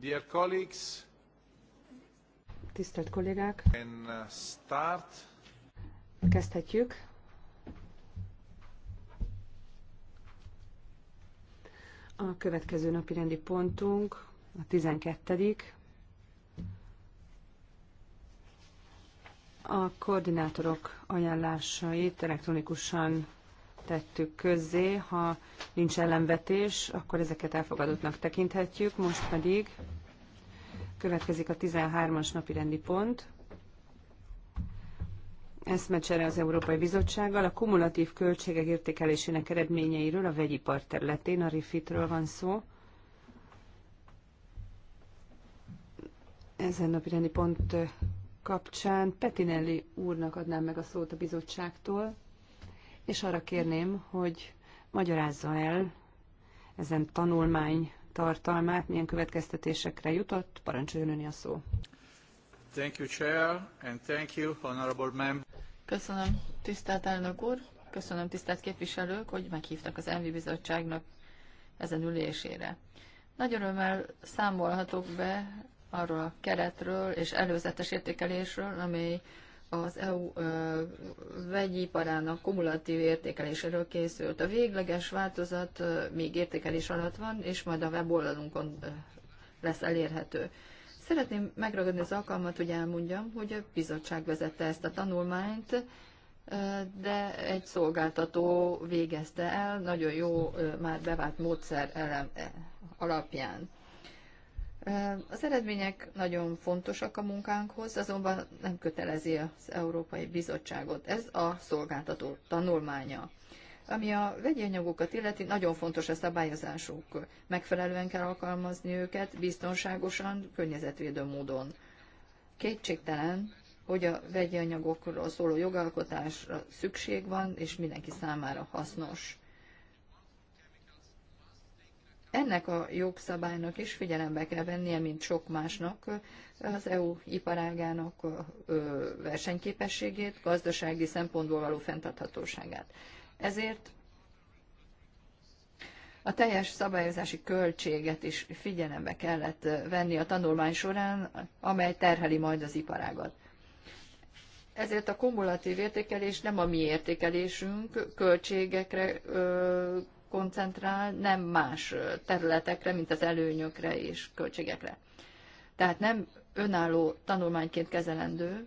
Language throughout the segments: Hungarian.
Dear colleagues, Tisztelt kollégák! Can uh, start. Kezdhetjük. A következő napi rendi pontunk a 12. A koordinátorok ajánlásait elektronikusan tettük közzé. Ha nincs ellenvetés, akkor ezeket elfogadottnak tekinthetjük. Most pedig következik a 13-as napi rendi pont. Eszmecsere az Európai Bizottsággal a kumulatív költségek értékelésének eredményeiről a vegyipar területén, a RIFIT-ről van szó. Ezen napi rendi pont kapcsán Petinelli úrnak adnám meg a szót a bizottságtól és arra kérném, hogy magyarázza el ezen tanulmány tartalmát, milyen következtetésekre jutott. Parancsoljon öni a szó. Thank you, Chair, and thank you, Honorable Mem. Köszönöm, tisztelt elnök úr, köszönöm, tisztelt képviselők, hogy meghívtak az Envi Bizottságnak ezen ülésére. Nagy örömmel számolhatok be arról a keretről és előzetes értékelésről, amely az EU vegyiparának kumulatív értékeléséről készült. A végleges változat még értékelés alatt van, és majd a weboldalunkon lesz elérhető. Szeretném megragadni az alkalmat, hogy elmondjam, hogy a bizottság vezette ezt a tanulmányt, de egy szolgáltató végezte el, nagyon jó, már bevált módszer alapján. Az eredmények nagyon fontosak a munkánkhoz, azonban nem kötelezi az Európai Bizottságot. Ez a szolgáltató tanulmánya. Ami a vegyi anyagokat illeti, nagyon fontos a szabályozásuk. Megfelelően kell alkalmazni őket, biztonságosan, környezetvédő módon. Kétségtelen, hogy a vegyi anyagokról szóló jogalkotásra szükség van, és mindenki számára hasznos ennek a jogszabálynak is figyelembe kell vennie, mint sok másnak, az EU iparágának versenyképességét, gazdasági szempontból való fenntarthatóságát. Ezért a teljes szabályozási költséget is figyelembe kellett venni a tanulmány során, amely terheli majd az iparágat. Ezért a kumulatív értékelés nem a mi értékelésünk, költségekre koncentrál, nem más területekre, mint az előnyökre és költségekre. Tehát nem önálló tanulmányként kezelendő,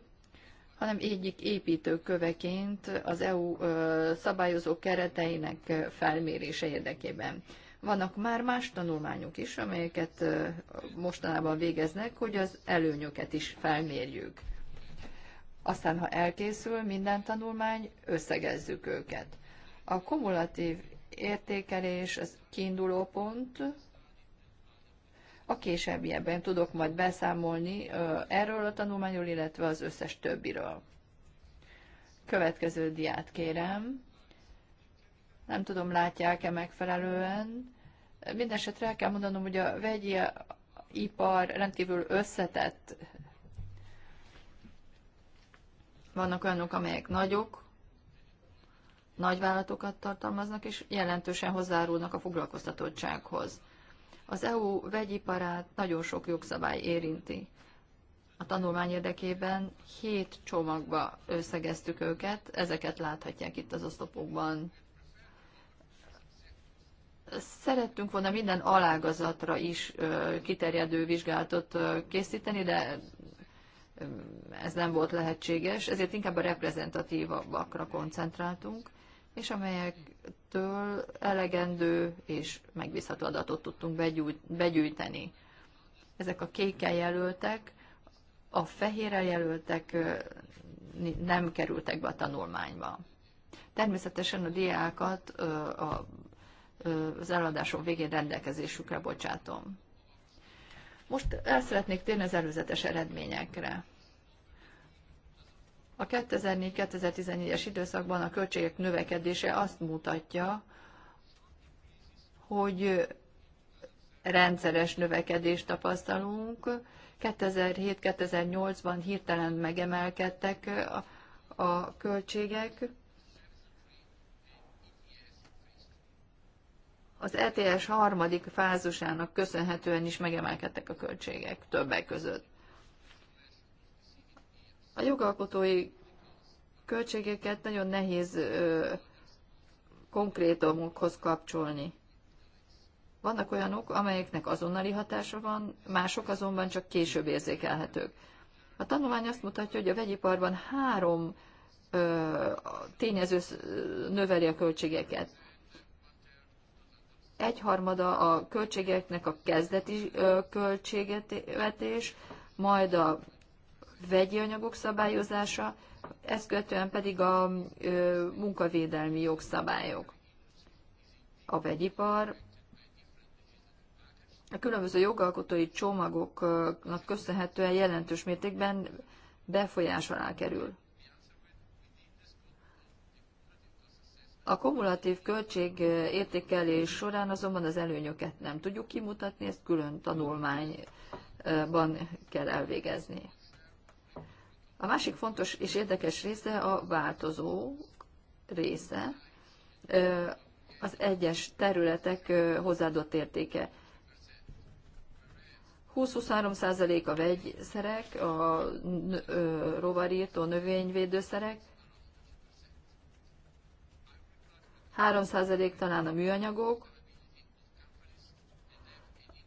hanem egyik építőköveként az EU szabályozó kereteinek felmérése érdekében. Vannak már más tanulmányok is, amelyeket mostanában végeznek, hogy az előnyöket is felmérjük. Aztán, ha elkészül minden tanulmány, összegezzük őket. A kumulatív értékelés az kiinduló pont. A későbbiekben tudok majd beszámolni erről a tanulmányról, illetve az összes többiről. Következő diát kérem. Nem tudom, látják-e megfelelően. Mindenesetre el kell mondanom, hogy a vegyi ipar rendkívül összetett. Vannak olyanok, amelyek nagyok, nagyvállalatokat tartalmaznak, és jelentősen hozzárulnak a foglalkoztatottsághoz. Az EU vegyiparát nagyon sok jogszabály érinti. A tanulmány érdekében hét csomagba összegeztük őket, ezeket láthatják itt az osztopokban. Szerettünk volna minden alágazatra is kiterjedő vizsgálatot készíteni, de ez nem volt lehetséges, ezért inkább a reprezentatívabbakra koncentráltunk és amelyektől elegendő és megbízható adatot tudtunk begyűjteni. Ezek a kékkel jelöltek, a fehérrel jelöltek nem kerültek be a tanulmányba. Természetesen a diákat a az eladásom végén rendelkezésükre bocsátom. Most el szeretnék térni az előzetes eredményekre. A 2004-2014-es időszakban a költségek növekedése azt mutatja, hogy rendszeres növekedést tapasztalunk. 2007-2008-ban hirtelen megemelkedtek a, költségek. Az ETS harmadik fázusának köszönhetően is megemelkedtek a költségek többek között. A jogalkotói költségeket nagyon nehéz ö, konkrétumokhoz kapcsolni. Vannak olyanok, amelyeknek azonnali hatása van, mások azonban csak később érzékelhetők. A tanulmány azt mutatja, hogy a vegyiparban három ö, tényező növeli a költségeket. Egyharmada a költségeknek a kezdeti ö, költségvetés, majd a vegyi anyagok szabályozása, ezt követően pedig a munkavédelmi jogszabályok. A vegyipar a különböző jogalkotói csomagoknak köszönhetően jelentős mértékben befolyás alá kerül. A kumulatív költség értékelés során azonban az előnyöket nem tudjuk kimutatni, ezt külön tanulmányban kell elvégezni. A másik fontos és érdekes része a változó része, az egyes területek hozzáadott értéke. 20-23% a vegyszerek, a rovarírtó növényvédőszerek, 3% talán a műanyagok.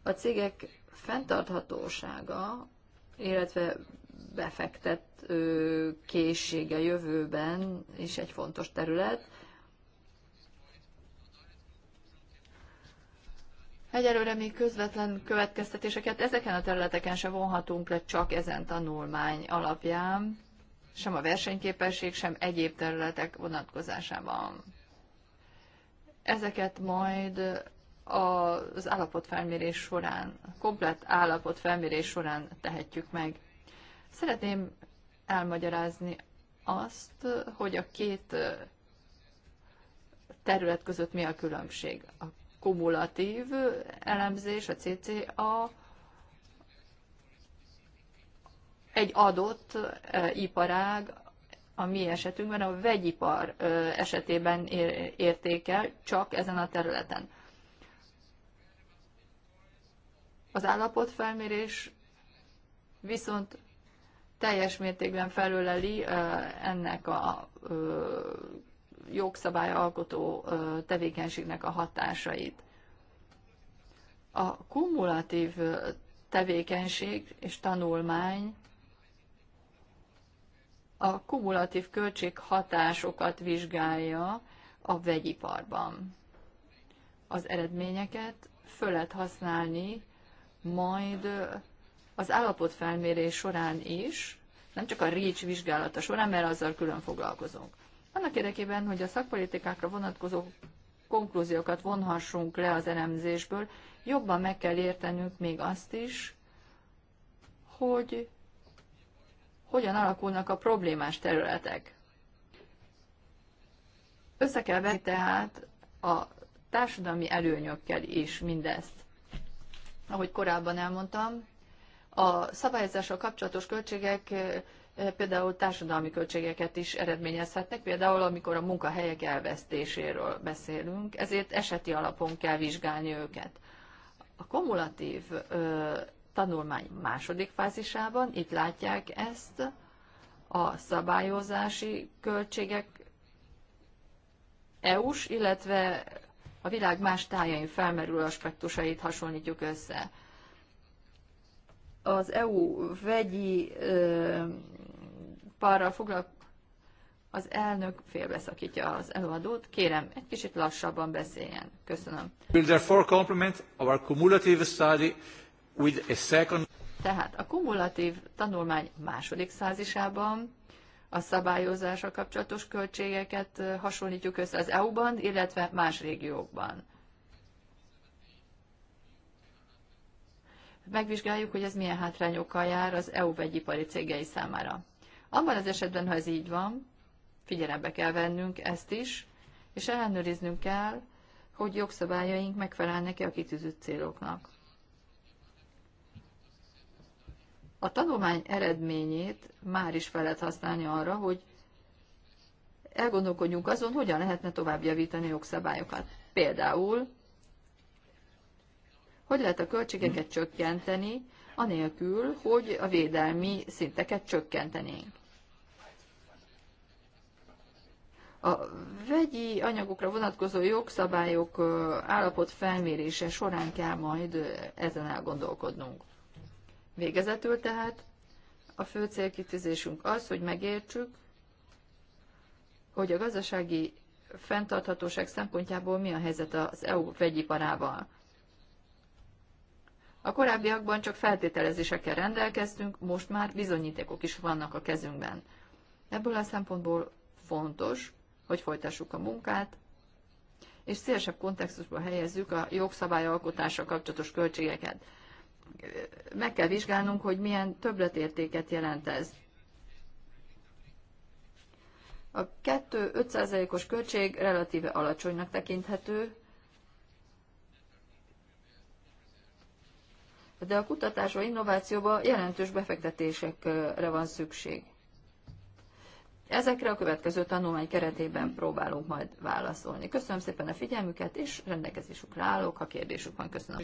A cégek fenntarthatósága, illetve befektett készsége a jövőben is egy fontos terület. Egyelőre még közvetlen következtetéseket ezeken a területeken se vonhatunk le csak ezen tanulmány alapján, sem a versenyképesség, sem egyéb területek vonatkozásában. Ezeket majd az állapotfelmérés során, komplett állapotfelmérés során tehetjük meg. Szeretném elmagyarázni azt, hogy a két terület között mi a különbség. A kumulatív elemzés, a CCA egy adott iparág, a mi esetünkben a vegyipar esetében értékel, csak ezen a területen. Az állapotfelmérés viszont teljes mértékben felöleli ennek a jogszabályalkotó tevékenységnek a hatásait. A kumulatív tevékenység és tanulmány a kumulatív költséghatásokat vizsgálja a vegyiparban. Az eredményeket föl lehet használni majd az állapotfelmérés során is, nem csak a REACH vizsgálata során, mert azzal külön foglalkozunk. Annak érdekében, hogy a szakpolitikákra vonatkozó konklúziókat vonhassunk le az elemzésből, jobban meg kell értenünk még azt is, hogy hogyan alakulnak a problémás területek. Össze kell venni tehát a társadalmi előnyökkel is mindezt. Ahogy korábban elmondtam, a szabályozással kapcsolatos költségek például társadalmi költségeket is eredményezhetnek, például amikor a munkahelyek elvesztéséről beszélünk, ezért eseti alapon kell vizsgálni őket. A kumulatív ö, tanulmány második fázisában, itt látják ezt, a szabályozási költségek EU-s, illetve a világ más tájain felmerül aspektusait hasonlítjuk össze az EU vegyi párral foglalkozó az elnök félbeszakítja az előadót. Kérem, egy kicsit lassabban beszéljen. Köszönöm. Will therefore complement our cumulative study with a second... Tehát a kumulatív tanulmány második százisában a szabályozásra kapcsolatos költségeket hasonlítjuk össze az EU-ban, illetve más régiókban. megvizsgáljuk, hogy ez milyen hátrányokkal jár az EU vegyipari cégei számára. Abban az esetben, ha ez így van, figyelembe kell vennünk ezt is, és ellenőriznünk kell, hogy jogszabályaink megfelelnek-e a kitűzött céloknak. A tanulmány eredményét már is fel lehet használni arra, hogy elgondolkodjunk azon, hogyan lehetne tovább javítani jogszabályokat. Például hogy lehet a költségeket csökkenteni, anélkül, hogy a védelmi szinteket csökkentenénk. A vegyi anyagokra vonatkozó jogszabályok állapot felmérése során kell majd ezen elgondolkodnunk. Végezetül tehát a fő célkitűzésünk az, hogy megértsük, hogy a gazdasági fenntarthatóság szempontjából mi a helyzet az EU vegyiparával. A korábbiakban csak feltételezésekkel rendelkeztünk, most már bizonyítékok is vannak a kezünkben. Ebből a szempontból fontos, hogy folytassuk a munkát, és szélesebb kontextusba helyezzük a jogszabályalkotásra kapcsolatos költségeket. Meg kell vizsgálnunk, hogy milyen többletértéket jelent ez. A 2-5%-os költség relatíve alacsonynak tekinthető, de a kutatásba, innovációba jelentős befektetésekre van szükség. Ezekre a következő tanulmány keretében próbálunk majd válaszolni. Köszönöm szépen a figyelmüket, és rendelkezésükre állok, ha kérdésük van. Köszönöm.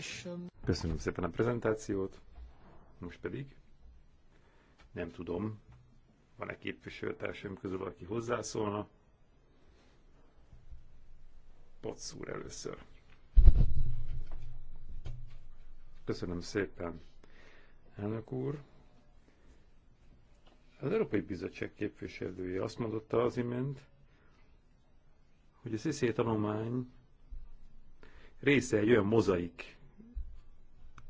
Köszönöm szépen a prezentációt. Most pedig nem tudom, van-e képviselőtársaim közül, aki hozzászólna. Potszúr először. Köszönöm szépen, elnök úr. Az Európai Bizottság képviselője azt mondotta az imént, hogy a CC tanulmány része egy olyan mozaik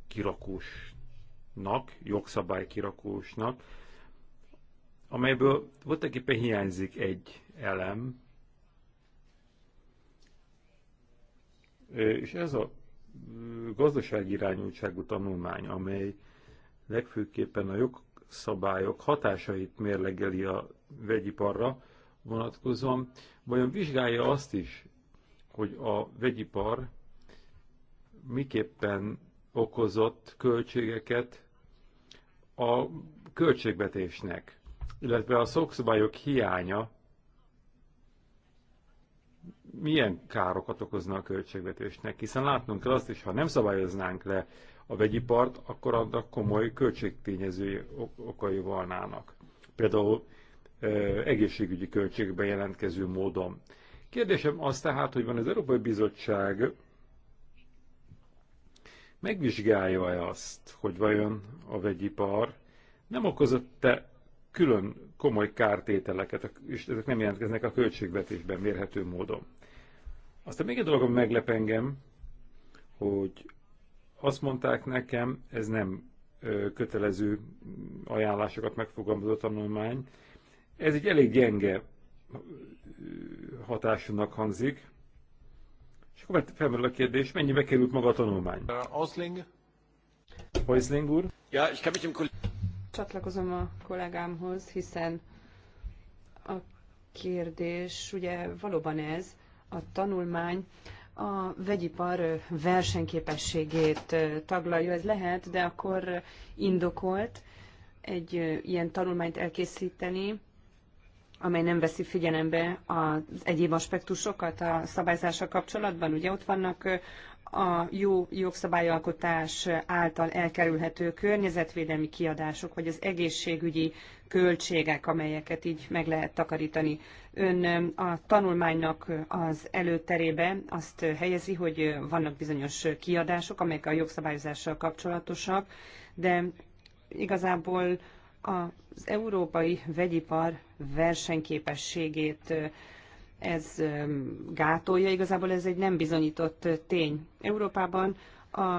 kirakósnak, jogszabály kirakósnak, amelyből volt egyébként hiányzik egy elem, és ez a gazdasági irányultságú tanulmány, amely legfőképpen a jogszabályok hatásait mérlegeli a vegyiparra vonatkozóan, vajon vizsgálja azt is, hogy a vegyipar miképpen okozott költségeket a költségvetésnek, illetve a szokszabályok hiánya milyen károkat okozna a költségvetésnek, hiszen látnunk kell azt is, ha nem szabályoznánk le a vegyipart, akkor annak komoly költségtényezői okai volnának. Például egészségügyi költségben jelentkező módon. Kérdésem az tehát, hogy van az Európai Bizottság megvizsgálja-e azt, hogy vajon a vegyipar nem okozott-e külön komoly kártételeket, és ezek nem jelentkeznek a költségvetésben mérhető módon. Aztán még egy dolog, ami meglep engem, hogy azt mondták nekem, ez nem kötelező ajánlásokat megfogalmazó tanulmány, ez egy elég gyenge hatásúnak hangzik. És akkor felmerül a kérdés, mennyibe került maga a tanulmány? Uh, Ausling. Häusling úr. Ja, ich kann mich im Csatlakozom a kollégámhoz, hiszen a kérdés ugye valóban ez, a tanulmány a vegyipar versenyképességét taglalja. Ez lehet, de akkor indokolt egy ilyen tanulmányt elkészíteni, amely nem veszi figyelembe az egyéb aspektusokat a szabályzással kapcsolatban. Ugye ott vannak a jó jogszabályalkotás által elkerülhető környezetvédelmi kiadások, vagy az egészségügyi költségek, amelyeket így meg lehet takarítani. Ön a tanulmánynak az előterébe azt helyezi, hogy vannak bizonyos kiadások, amelyek a jogszabályozással kapcsolatosak, de igazából az európai vegyipar versenyképességét ez gátolja, igazából ez egy nem bizonyított tény. Európában a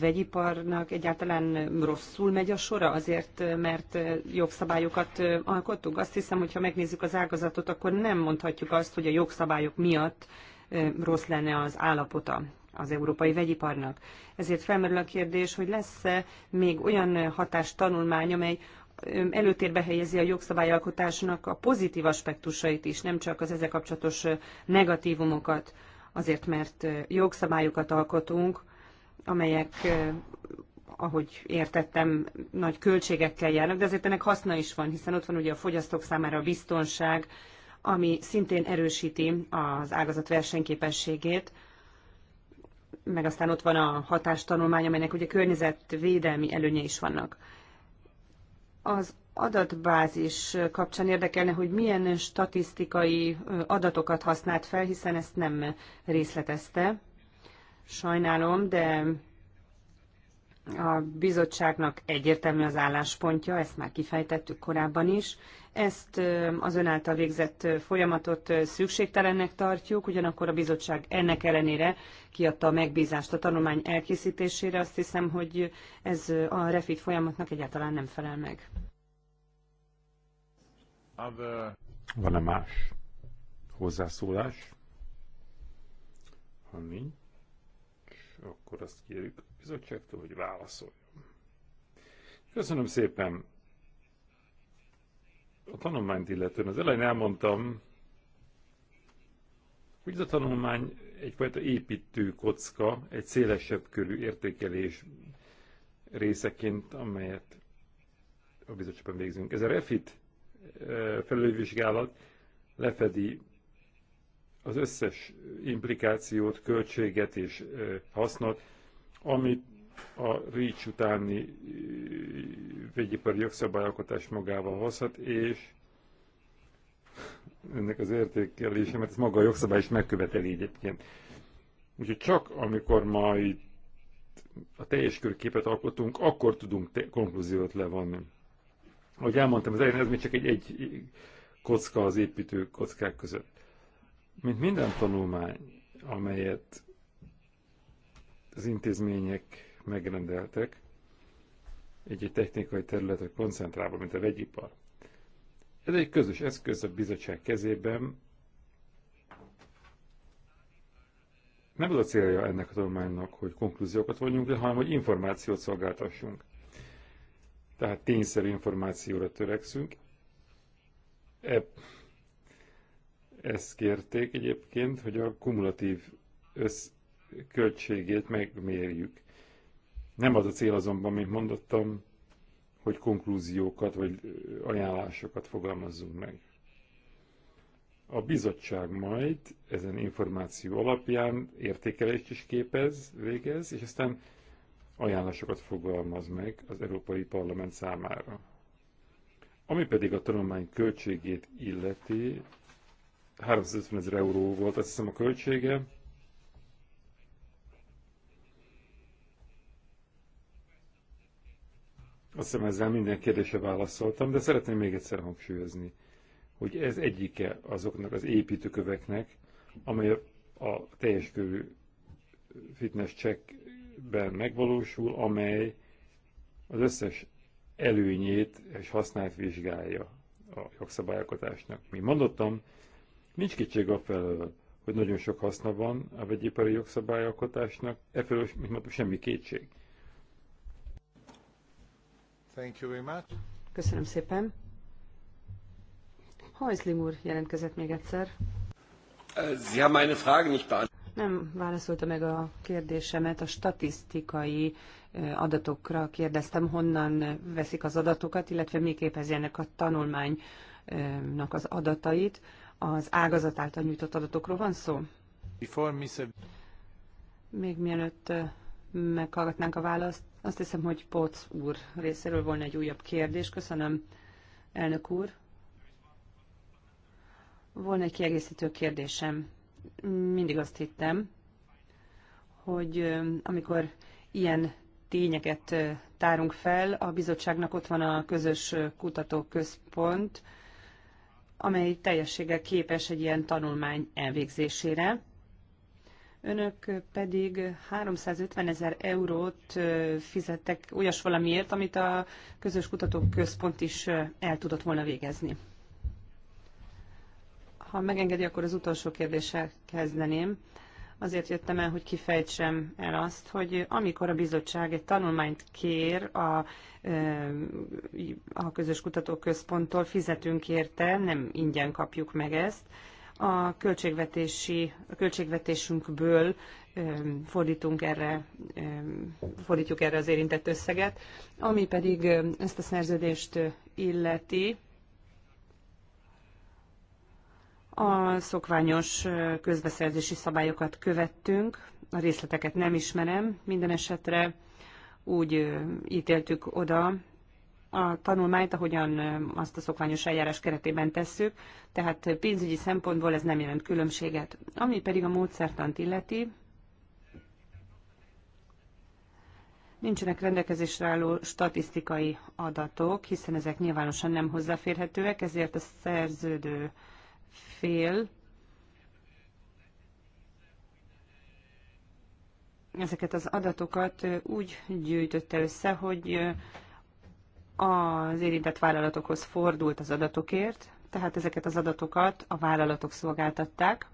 vegyiparnak egyáltalán rosszul megy a sora azért, mert jogszabályokat alkottuk. Azt hiszem, hogy ha megnézzük az ágazatot, akkor nem mondhatjuk azt, hogy a jogszabályok miatt rossz lenne az állapota az európai vegyiparnak. Ezért felmerül a kérdés, hogy lesz-e még olyan hatástanulmány, amely előtérbe helyezi a jogszabályalkotásnak a pozitív aspektusait is, nem csak az ezzel kapcsolatos negatívumokat, azért mert jogszabályokat alkotunk, amelyek, ahogy értettem, nagy költségekkel járnak, de azért ennek haszna is van, hiszen ott van ugye a fogyasztók számára a biztonság, ami szintén erősíti az ágazat versenyképességét, meg aztán ott van a hatástanulmány, amelynek ugye környezetvédelmi előnye is vannak. Az adatbázis kapcsán érdekelne, hogy milyen statisztikai adatokat használt fel, hiszen ezt nem részletezte. Sajnálom, de a bizottságnak egyértelmű az álláspontja, ezt már kifejtettük korábban is. Ezt az ön által végzett folyamatot szükségtelennek tartjuk, ugyanakkor a bizottság ennek ellenére kiadta a megbízást a tanulmány elkészítésére. Azt hiszem, hogy ez a refit folyamatnak egyáltalán nem felel meg. Van-e más hozzászólás? Ha nincs, akkor azt kérjük bizottságtól, hogy válaszoljon. Köszönöm szépen. A tanulmányt illetően az elején elmondtam, hogy ez a tanulmány egyfajta építő kocka, egy szélesebb körű értékelés részeként, amelyet a bizottságban végzünk. Ez a REFIT eh, felülvizsgálat lefedi az összes implikációt, költséget és eh, hasznot, amit a REACH utáni eh, vegyipari jogszabályalkotás magával hozhat, és ennek az értékelése, mert ez maga a jogszabály is megköveteli egyébként. Úgyhogy csak amikor majd a teljes körképet alkotunk, akkor tudunk konklúziót levonni. Ahogy elmondtam, az ez még csak egy, egy kocka az építő kockák között. Mint minden tanulmány, amelyet az intézmények megrendeltek egy, -egy technikai területre koncentrálva, mint a vegyipar. Ez egy közös eszköz a bizottság kezében. Nem az a célja ennek a tanulmánynak, hogy konklúziókat vonjunk le, hanem hogy információt szolgáltassunk. Tehát tényszerű információra törekszünk. E, ezt kérték egyébként, hogy a kumulatív össz, költségét megmérjük. Nem az a cél azonban, mint mondottam, hogy konklúziókat vagy ajánlásokat fogalmazzunk meg. A bizottság majd ezen információ alapján értékelést is képez, végez, és aztán ajánlásokat fogalmaz meg az Európai Parlament számára. Ami pedig a tanulmány költségét illeti, 350 ezer euró volt, azt hiszem a költsége, Azt hiszem ezzel minden kérdésre válaszoltam, de szeretném még egyszer hangsúlyozni, hogy ez egyike azoknak az építőköveknek, amely a teljes körű fitness checkben megvalósul, amely az összes előnyét és hasznát vizsgálja a jogszabályalkotásnak. Mi mondottam, nincs kétség a felől, hogy nagyon sok haszna van a vegyipari jogszabályalkotásnak, e felől, mint mondtam, semmi kétség. Thank you very much. Köszönöm szépen. Hajszlim úr jelentkezett még egyszer. Äh, Sie haben meine Frage nicht beantwortet. Nem válaszolta meg a kérdésemet, a statisztikai adatokra kérdeztem, honnan veszik az adatokat, illetve mi képezi ennek a tanulmánynak az adatait. Az ágazat által nyújtott adatokról van szó? Before Még mielőtt meghallgatnánk a választ, azt hiszem, hogy pot úr részéről volna egy újabb kérdés. Köszönöm, elnök úr. Volna egy kiegészítő kérdésem. Mindig azt hittem, hogy amikor ilyen tényeket tárunk fel, a bizottságnak ott van a közös kutatóközpont, amely teljességgel képes egy ilyen tanulmány elvégzésére. Önök pedig 350 ezer eurót fizettek olyas valamiért, amit a közös kutatóközpont is el tudott volna végezni. Ha megengedi, akkor az utolsó kérdéssel kezdeném. Azért jöttem el, hogy kifejtsem el azt, hogy amikor a bizottság egy tanulmányt kér a, a közös kutatóközponttól, fizetünk érte, nem ingyen kapjuk meg ezt, a költségvetési, a költségvetésünkből fordítunk erre, fordítjuk erre az érintett összeget, ami pedig ezt a szerződést illeti, a szokványos közbeszerzési szabályokat követtünk, a részleteket nem ismerem, minden esetre úgy ítéltük oda, a tanulmányt, ahogyan azt a szokványos eljárás keretében tesszük, tehát pénzügyi szempontból ez nem jelent különbséget. Ami pedig a módszertant illeti, Nincsenek rendelkezésre álló statisztikai adatok, hiszen ezek nyilvánosan nem hozzáférhetőek, ezért a szerződő fél ezeket az adatokat úgy gyűjtötte össze, hogy az érintett vállalatokhoz fordult az adatokért, tehát ezeket az adatokat a vállalatok szolgáltatták.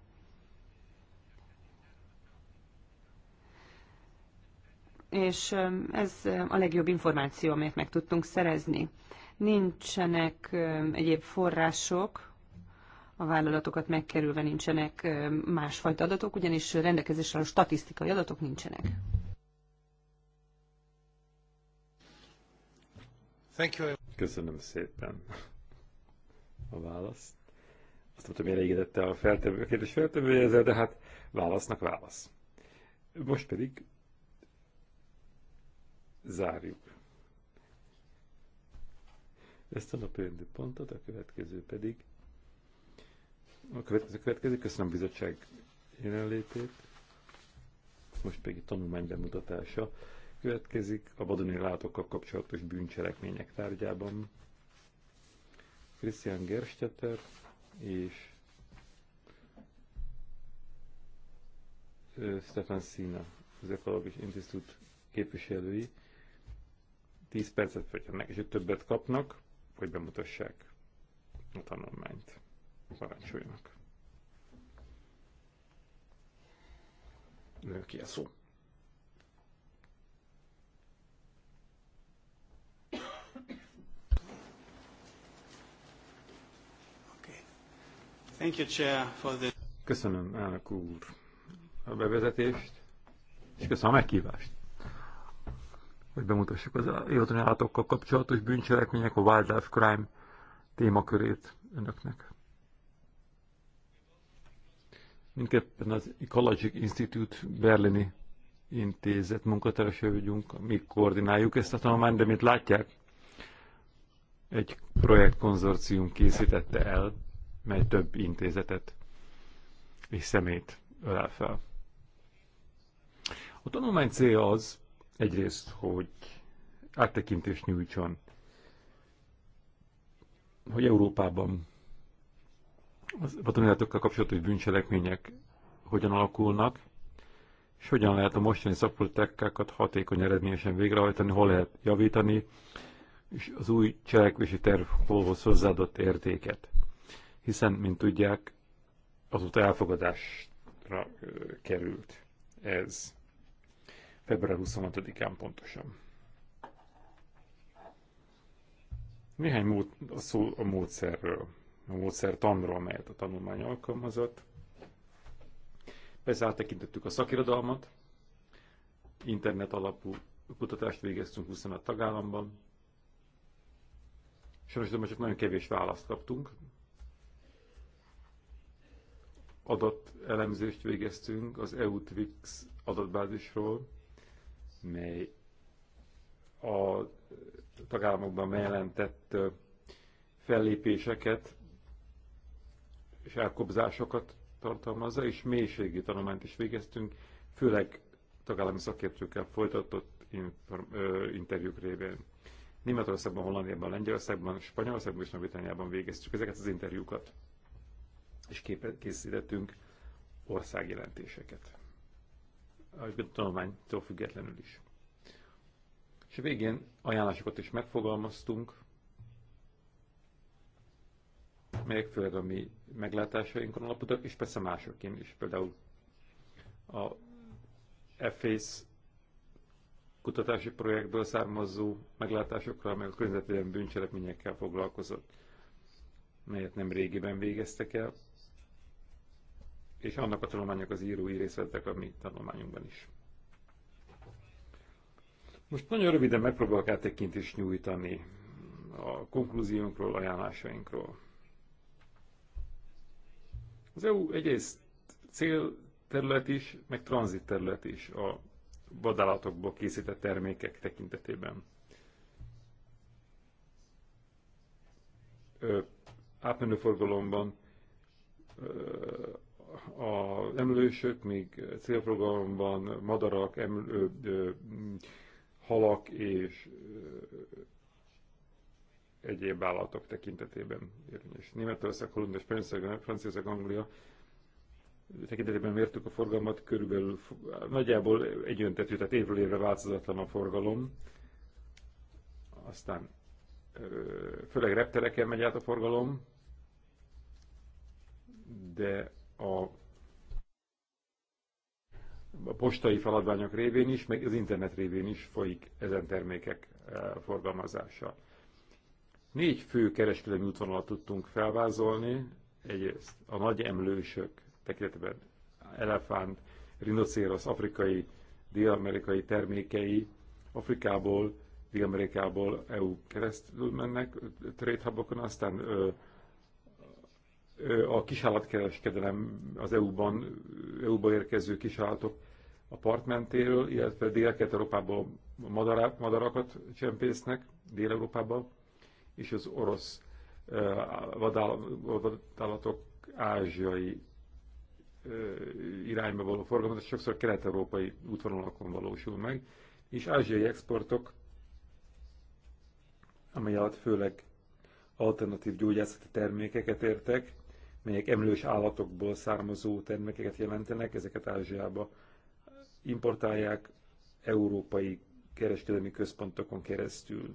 És ez a legjobb információ, amit meg tudtunk szerezni. Nincsenek egyéb források, a vállalatokat megkerülve nincsenek másfajta adatok, ugyanis rendelkezésre a statisztikai adatok nincsenek. Thank you. Köszönöm szépen a választ. Azt mondtam, hogy elégedette a feltevő a kérdés feltevője ezzel, de hát válasznak válasz. Most pedig zárjuk ezt a napi pontot, a következő pedig a következő, következő köszönöm a bizottság jelenlétét, most pedig tanulmány bemutatása. Következik a vadoni látokkal kapcsolatos bűncselekmények tárgyában. Christian Gerstetter és Stefan Sina, az Ecologist Institute képviselői 10 percet fogynak, és többet kapnak, hogy bemutassák a tanulmányt. Parancsoljanak. Nő ki a szó. Thank you, Chair, for the... Köszönöm, elnök úr, a bevezetést, és köszönöm a meghívást, hogy bemutassuk az életlen állatokkal kapcsolatos bűncselekmények, a wildlife crime témakörét önöknek. Mindketten az Ecologic Institute berlini intézet munkatársai vagyunk, mi koordináljuk ezt a tanulmányt, de mint látják, egy projektkonzorcium készítette el, mely több intézetet és szemét ölel fel. A tanulmány célja az egyrészt, hogy áttekintést nyújtson, hogy Európában az vadonulatokkal kapcsolatos bűncselekmények hogyan alakulnak, és hogyan lehet a mostani szakpolitikákat hatékony eredményesen végrehajtani, hol lehet javítani, és az új cselekvési terv hol hoz hozzáadott értéket hiszen, mint tudják, azóta elfogadásra került ez február 26-án pontosan. Néhány mód, a szó a módszerről, a módszertanról, melyet a tanulmány alkalmazott. Persze áttekintettük a szakirodalmat, internet alapú kutatást végeztünk 25 tagállamban. Sajnos de csak nagyon kevés választ kaptunk, adat elemzést végeztünk az EUTWIX adatbázisról, mely a tagállamokban bejelentett fellépéseket és elkobzásokat tartalmazza, és mélységi tanulmányt is végeztünk, főleg tagállami szakértőkkel folytatott interjúk révén. Németországban, Hollandiában, Lengyelországban, Spanyolországban és Nagy-Britanniában végeztük ezeket az interjúkat és készítettünk országjelentéseket. A tanulmánytól függetlenül is. És a végén ajánlásokat is megfogalmaztunk, melyek főleg a mi meglátásainkon alapultak, és persze másokén is. Például a EFACE kutatási projektből származó meglátásokra, meg a környezetvédelmi bűncselekményekkel foglalkozott, melyet nem régiben végeztek el és annak a tanulmányok az írói részletek a mi tanulmányunkban is. Most nagyon röviden megpróbálok áttekintést nyújtani a konklúziónkról, ajánlásainkról. Az EU egyrészt célterület is, meg tranzitterület is a vadállatokból készített termékek tekintetében. Ö, átmenő forgalomban ö, a emlősök, még célprogramban madarak, emlő, ö, halak és ö, egyéb állatok tekintetében érvényes. Németország, Hollandia, Spanyolország, Franciaország, Anglia tekintetében mértük a forgalmat, körülbelül nagyjából egyöntetű, tehát évről évre változatlan a forgalom. Aztán főleg reptereken megy át a forgalom, de a, postai feladványok révén is, meg az internet révén is folyik ezen termékek eh, forgalmazása. Négy fő kereskedelmi útvonalat tudtunk felvázolni, egyrészt a nagy emlősök tekintetben elefánt, rinocérosz, afrikai, dél-amerikai termékei Afrikából, Dél-Amerikából EU keresztül mennek trade hubokon, aztán ö, a kisállatkereskedelem az EU-ban, EU-ba érkező kisállatok a part mentéről, illetve dél kelet madarát, madarakat csempésznek, dél európában és az orosz vadállatok ázsiai irányba való forgalmat, sokszor kelet-európai útvonalakon valósul meg, és ázsiai exportok, amely alatt főleg alternatív gyógyászati termékeket értek, melyek emlős állatokból származó termékeket jelentenek, ezeket Ázsiába importálják európai kereskedelmi központokon keresztül.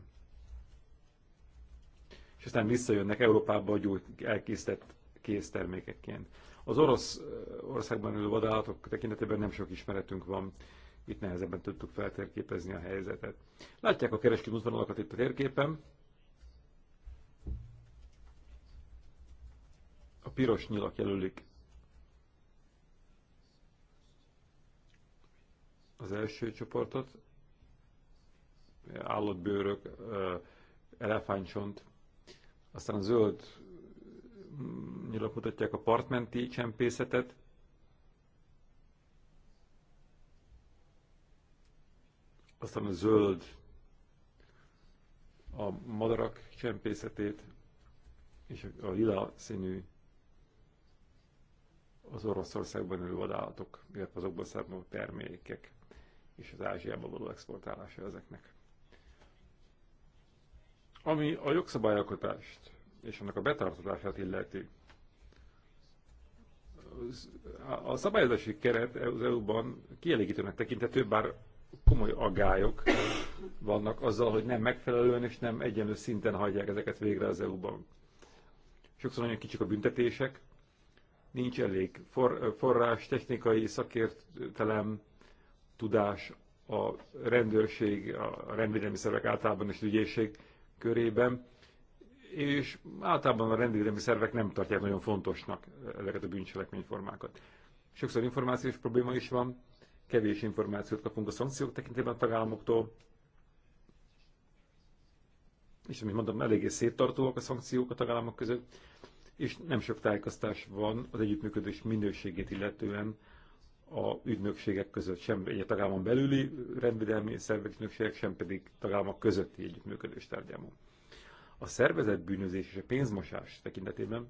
És aztán visszajönnek Európába a gyújt elkészített késztermékekként. Az orosz eh, országban élő vadállatok tekintetében nem sok ismeretünk van, itt nehezebben tudtuk feltérképezni a helyzetet. Látják a kereskedő útvonalakat itt a térképen, piros nyilak jelölik az első csoportot, állatbőrök, elefántcsont, aztán a zöld mm, nyilak mutatják a partmenti csempészetet, aztán a zöld a madarak csempészetét, és a lila színű az Oroszországban ülő vadállatok, illetve azokból származó termékek és az Ázsiában való exportálása ezeknek. Ami a jogszabályalkotást és annak a betartatását illeti, a szabályozási keret az EU-ban kielégítőnek tekintető, bár komoly agályok vannak azzal, hogy nem megfelelően és nem egyenlő szinten hagyják ezeket végre az EU-ban. Sokszor nagyon kicsik a büntetések, nincs elég for, forrás, technikai szakértelem, tudás a rendőrség, a rendvédelmi szervek általában és ügyészség körében, és általában a rendvédelmi szervek nem tartják nagyon fontosnak ezeket a bűncselekményformákat. Sokszor információs probléma is van, kevés információt kapunk a szankciók tekintetében a tagállamoktól, és amit mondom, eléggé széttartóak a szankciók a tagállamok között és nem sok tájékoztás van az együttműködés minőségét illetően a ügynökségek között, sem egy tagállamon belüli rendvédelmi szervek ügynökségek, sem pedig tagállamok közötti együttműködés tárgyában. A szervezet bűnözés és a pénzmosás tekintetében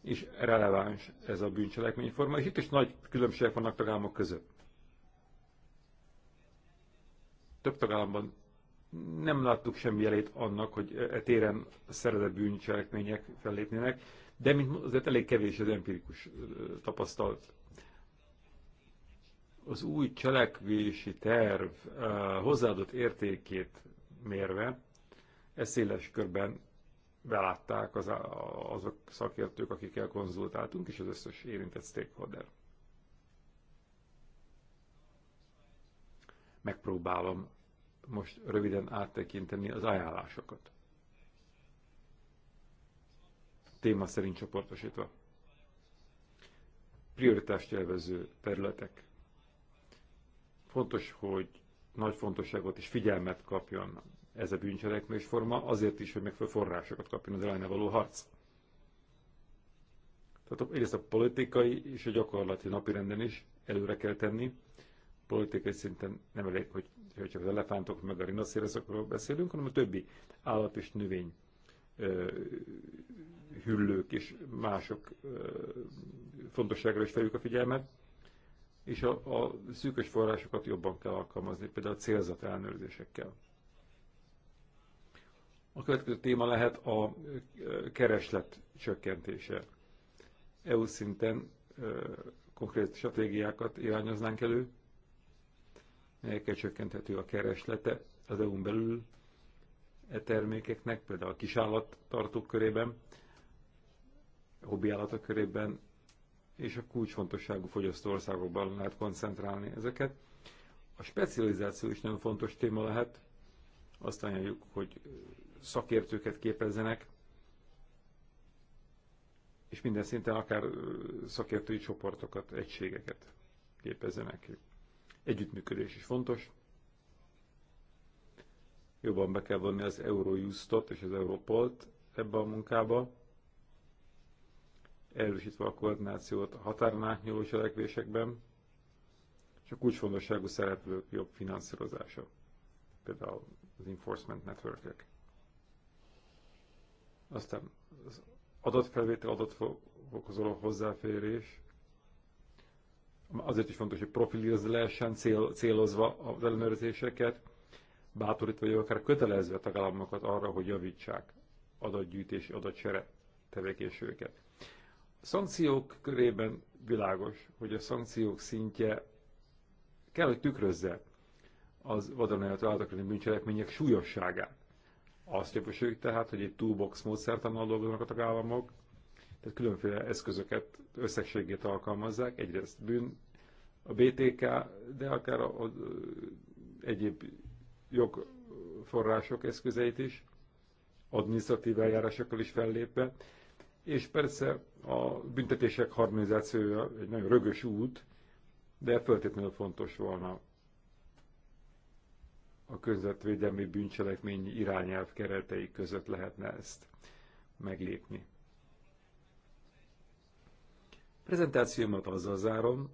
és releváns ez a bűncselekményforma, és itt is nagy különbségek vannak tagállamok között. Több tagállamban nem láttuk semmi jelét annak, hogy e téren szerezett bűncselekmények fellépnének, de mint azért elég kevés az empirikus tapasztalt. Az új cselekvési terv hozzáadott értékét mérve, ezt széles körben belátták az, azok szakértők, akikkel konzultáltunk, és az összes érintett stakeholder. Megpróbálom most röviden áttekinteni az ajánlásokat. Téma szerint csoportosítva. Prioritást jelvező területek. Fontos, hogy nagy fontosságot és figyelmet kapjon ez a forma, azért is, hogy megfelelő forrásokat kapjon az ellene való harc. Tehát egyrészt a politikai és a gyakorlati napirenden is előre kell tenni. Politikai szinten nem elég, hogy hogyha az elefántok meg a rinocéroszokról beszélünk, hanem a többi állat és növény hüllők és mások fontosságra is felük a figyelmet, és a, a szűkös forrásokat jobban kell alkalmazni, például a célzat ellenőrzésekkel. A következő téma lehet a kereslet csökkentése. EU szinten konkrét stratégiákat irányoznánk elő, melyekkel csökkenthető a kereslete az EU-n belül e termékeknek, például a kisállattartók körében, hobbiállatok körében és a kulcsfontosságú fogyasztó országokban lehet koncentrálni ezeket. A specializáció is nagyon fontos téma lehet. Azt ajánljuk, hogy szakértőket képezzenek, és minden szinten akár szakértői csoportokat, egységeket képezzenek. Együttműködés is fontos. Jobban be kell vonni az Eurojustot és az Europolt ebbe a munkába, erősítve a koordinációt a határon átnyúló cselekvésekben, és a kulcsfontosságú szereplők jobb finanszírozása, például az enforcement -ek. Aztán az adatfelvétel, adatfokozó hozzáférés, Azért is fontos, hogy profilírozni lehessen, cél, célozva az ellenőrzéseket, bátorítva, vagy akár kötelezve a tagállamokat arra, hogy javítsák adatgyűjtési, adatcsere tevékenységüket. A szankciók körében világos, hogy a szankciók szintje kell, hogy tükrözze az vadon eltaláltakani bűncselekmények súlyosságát. Azt javasoljuk tehát, hogy egy toolbox módszertan dolgoznak a tagállamok, tehát különféle eszközöket összességét alkalmazzák, egyrészt bűn, a BTK, de akár a, a, egyéb jogforrások eszközeit is, adminisztratív eljárásokkal is fellépve, és persze a büntetések harmonizációja egy nagyon rögös út, de feltétlenül fontos volna a közvetvédelmi bűncselekmény irányelv keretei között lehetne ezt meglépni. Prezentációmat azzal zárom,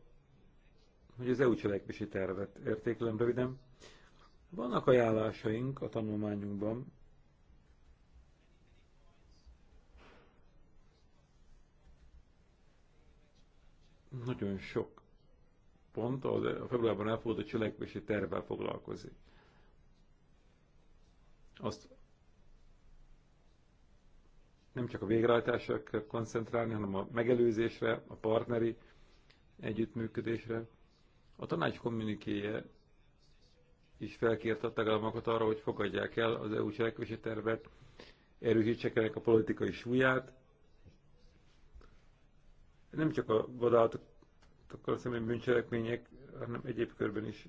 hogy az EU cselekvési tervet értékelem röviden. Vannak ajánlásaink a tanulmányunkban, nagyon sok pont e- a februárban elfogadott cselekvési tervvel foglalkozik. Azt nem csak a végrehajtásra kell koncentrálni, hanem a megelőzésre, a partneri együttműködésre. A tanács kommunikéje is felkért a tagállamokat arra, hogy fogadják el az EU cselekvési tervet, erősítsék ennek a politikai súlyát. Nem csak a vadállatokkal szemben bűncselekmények, hanem egyéb körben is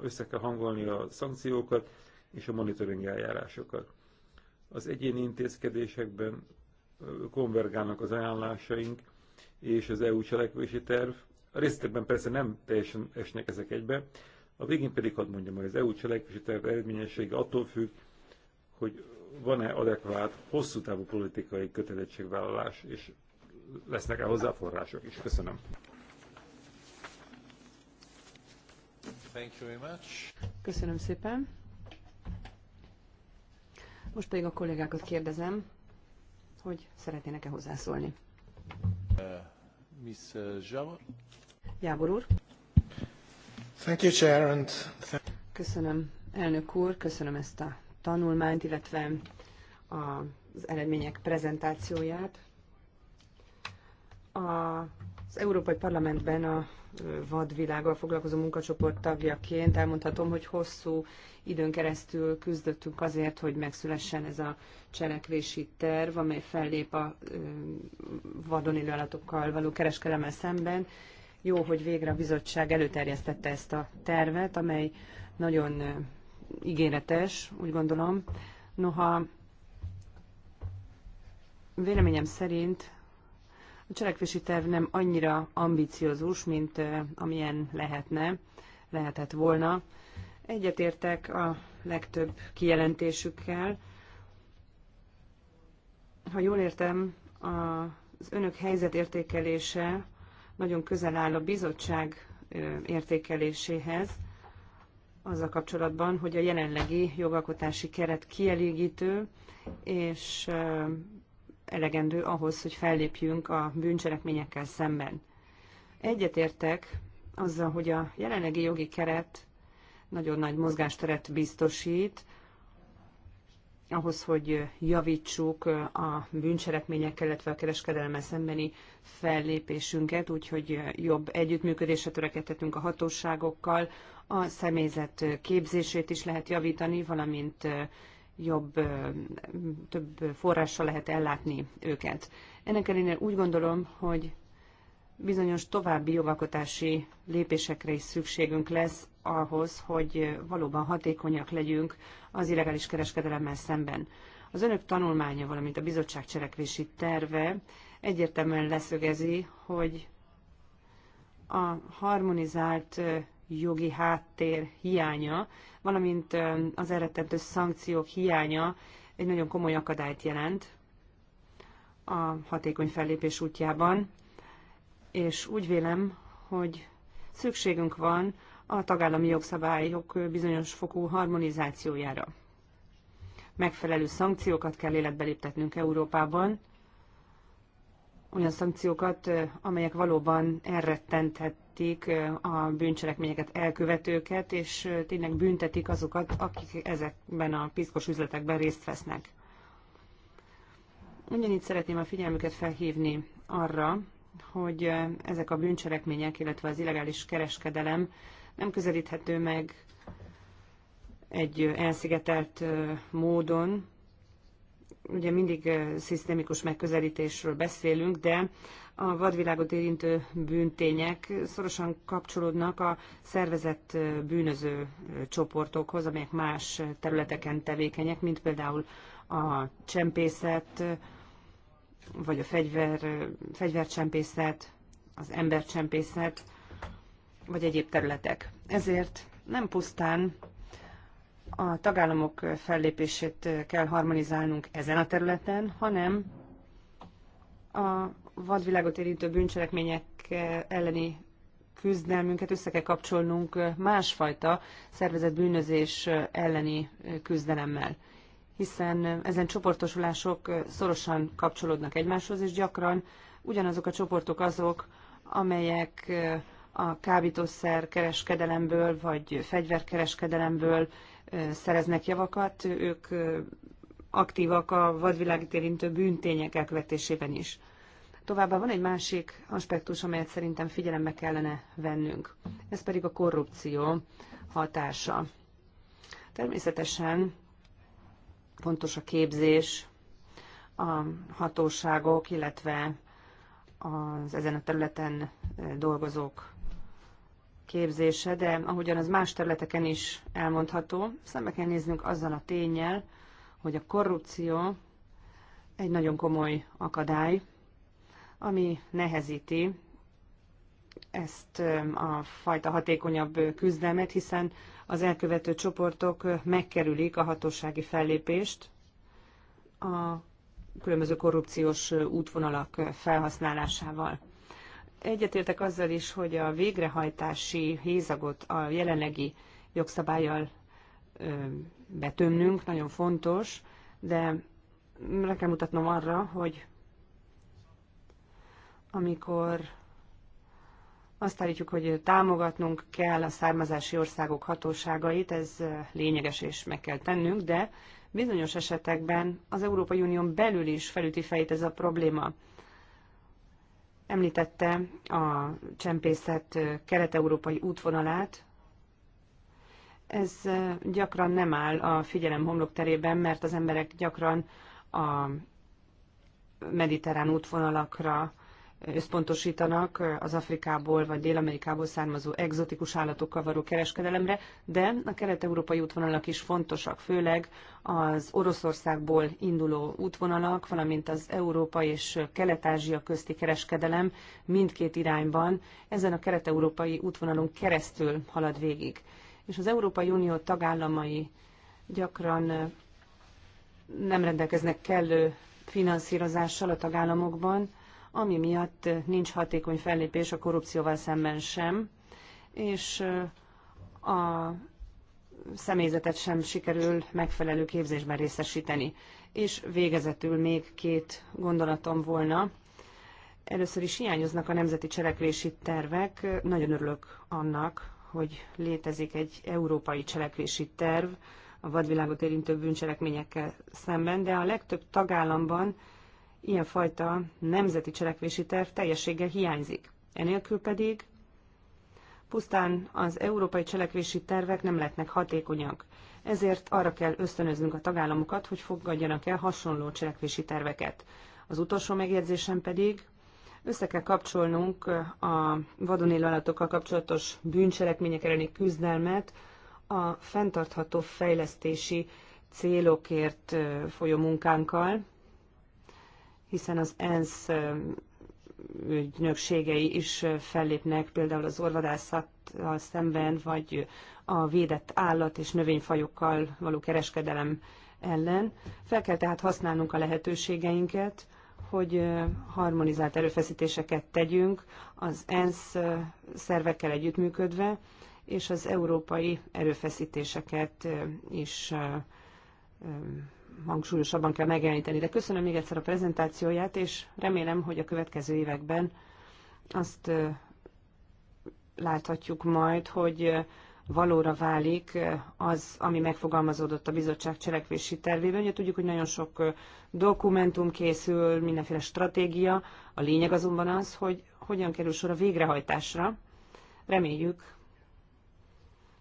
össze kell hangolni a szankciókat és a monitoring eljárásokat az egyéni intézkedésekben konvergálnak az ajánlásaink és az EU cselekvési terv. A részletekben persze nem teljesen esnek ezek egybe, a végén pedig hadd mondjam, hogy az EU cselekvési terv eredményessége attól függ, hogy van-e adekvát hosszú távú politikai kötelezettségvállalás, és lesznek-e hozzá források is. Köszönöm. Thank you very much. Köszönöm szépen. Most pedig a kollégákat kérdezem, hogy szeretnének-e hozzászólni. Uh, Miss Jábor úr. Thank you, Chair, and thank köszönöm, elnök úr, köszönöm ezt a tanulmányt, illetve az eredmények prezentációját. A az Európai Parlamentben a vadvilággal foglalkozó munkacsoport tagjaként elmondhatom, hogy hosszú időn keresztül küzdöttünk azért, hogy megszülessen ez a cselekvési terv, amely fellép a vadon élő állatokkal való kereskedelemmel szemben. Jó, hogy végre a bizottság előterjesztette ezt a tervet, amely nagyon ígéretes, úgy gondolom. Noha véleményem szerint a cselekvési terv nem annyira ambiciózus, mint amilyen lehetne, lehetett volna. Egyetértek a legtöbb kijelentésükkel. Ha jól értem, az önök helyzetértékelése nagyon közel áll a bizottság értékeléséhez, azzal kapcsolatban, hogy a jelenlegi jogalkotási keret kielégítő, és elegendő ahhoz, hogy fellépjünk a bűncselekményekkel szemben. Egyetértek azzal, hogy a jelenlegi jogi keret nagyon nagy mozgásteret biztosít, ahhoz, hogy javítsuk a bűncselekményekkel, illetve a kereskedelemmel szembeni fellépésünket, úgyhogy jobb együttműködésre törekedhetünk a hatóságokkal, a személyzet képzését is lehet javítani, valamint jobb, több forrással lehet ellátni őket. Ennek ellenére úgy gondolom, hogy bizonyos további jogalkotási lépésekre is szükségünk lesz ahhoz, hogy valóban hatékonyak legyünk az illegális kereskedelemmel szemben. Az önök tanulmánya, valamint a bizottság cselekvési terve egyértelműen leszögezi, hogy a harmonizált jogi háttér hiánya, valamint az elrettentő szankciók hiánya egy nagyon komoly akadályt jelent a hatékony fellépés útjában, és úgy vélem, hogy szükségünk van a tagállami jogszabályok bizonyos fokú harmonizációjára. Megfelelő szankciókat kell életbe léptetnünk Európában, olyan szankciókat, amelyek valóban elrettenthetik büntetik a bűncselekményeket elkövetőket, és tényleg büntetik azokat, akik ezekben a piszkos üzletekben részt vesznek. Ugyanígy szeretném a figyelmüket felhívni arra, hogy ezek a bűncselekmények, illetve az illegális kereskedelem nem közelíthető meg egy elszigetelt módon. Ugye mindig szisztémikus megközelítésről beszélünk, de a vadvilágot érintő bűntények szorosan kapcsolódnak a szervezett bűnöző csoportokhoz, amelyek más területeken tevékenyek, mint például a csempészet, vagy a fegyver, fegyvercsempészet, az embercsempészet, vagy egyéb területek. Ezért nem pusztán a tagállamok fellépését kell harmonizálnunk ezen a területen, hanem a vadvilágot érintő bűncselekmények elleni küzdelmünket össze kell kapcsolnunk másfajta szervezett bűnözés elleni küzdelemmel hiszen ezen csoportosulások szorosan kapcsolódnak egymáshoz, és gyakran ugyanazok a csoportok azok, amelyek a kábítószer kereskedelemből vagy fegyverkereskedelemből szereznek javakat, ők aktívak a vadvilágot érintő bűntények elkövetésében is. Továbbá van egy másik aspektus, amelyet szerintem figyelembe kellene vennünk. Ez pedig a korrupció hatása. Természetesen fontos a képzés, a hatóságok, illetve az ezen a területen eh, dolgozók képzése, de ahogyan az más területeken is elmondható, szembe kell néznünk azzal a tényel, hogy a korrupció egy nagyon komoly akadály, ami nehezíti ezt a fajta hatékonyabb küzdelmet, hiszen az elkövető csoportok megkerülik a hatósági fellépést a különböző korrupciós útvonalak felhasználásával. Egyetértek azzal is, hogy a végrehajtási hézagot a jelenlegi jogszabályjal betömnünk, nagyon fontos, de le kell mutatnom arra, hogy amikor azt állítjuk, hogy támogatnunk kell a származási országok hatóságait, ez lényeges és meg kell tennünk, de bizonyos esetekben az Európai Unión belül is felüti fejét ez a probléma. Említette a csempészet kelet-európai útvonalát, ez gyakran nem áll a figyelem homlokterében, mert az emberek gyakran a mediterrán útvonalakra összpontosítanak az Afrikából vagy Dél-Amerikából származó egzotikus állatokkal való kereskedelemre, de a kelet-európai útvonalak is fontosak, főleg az Oroszországból induló útvonalak, valamint az Európa és Kelet-Ázsia közti kereskedelem mindkét irányban ezen a kelet-európai útvonalon keresztül halad végig. És az Európai Unió tagállamai gyakran nem rendelkeznek kellő finanszírozással a tagállamokban, ami miatt nincs hatékony fellépés a korrupcióval szemben sem, és a személyzetet sem sikerül megfelelő képzésben részesíteni. És végezetül még két gondolatom volna. Először is hiányoznak a nemzeti cselekvési tervek. Nagyon örülök annak, hogy létezik egy európai cselekvési terv a vadvilágot érintő bűncselekményekkel szemben, de a legtöbb tagállamban ilyenfajta nemzeti cselekvési terv teljessége hiányzik. Enélkül pedig pusztán az európai cselekvési tervek nem lehetnek hatékonyak. Ezért arra kell ösztönöznünk a tagállamokat, hogy fogadjanak el hasonló cselekvési terveket. Az utolsó megjegyzésem pedig, össze kell kapcsolnunk a vadon élő állatokkal kapcsolatos bűncselekmények elleni küzdelmet a fenntartható fejlesztési célokért folyó munkánkkal, hiszen az ENSZ ügynökségei is fellépnek, például az orvadászattal szemben, vagy a védett állat és növényfajokkal való kereskedelem ellen. Fel kell tehát használnunk a lehetőségeinket, hogy harmonizált erőfeszítéseket tegyünk az ENSZ szervekkel együttműködve, és az európai erőfeszítéseket is hangsúlyosabban kell megjeleníteni. De köszönöm még egyszer a prezentációját, és remélem, hogy a következő években azt láthatjuk majd, hogy valóra válik az, ami megfogalmazódott a bizottság cselekvési tervében. Ugye tudjuk, hogy nagyon sok dokumentum készül, mindenféle stratégia. A lényeg azonban az, hogy hogyan kerül sor a végrehajtásra. Reméljük,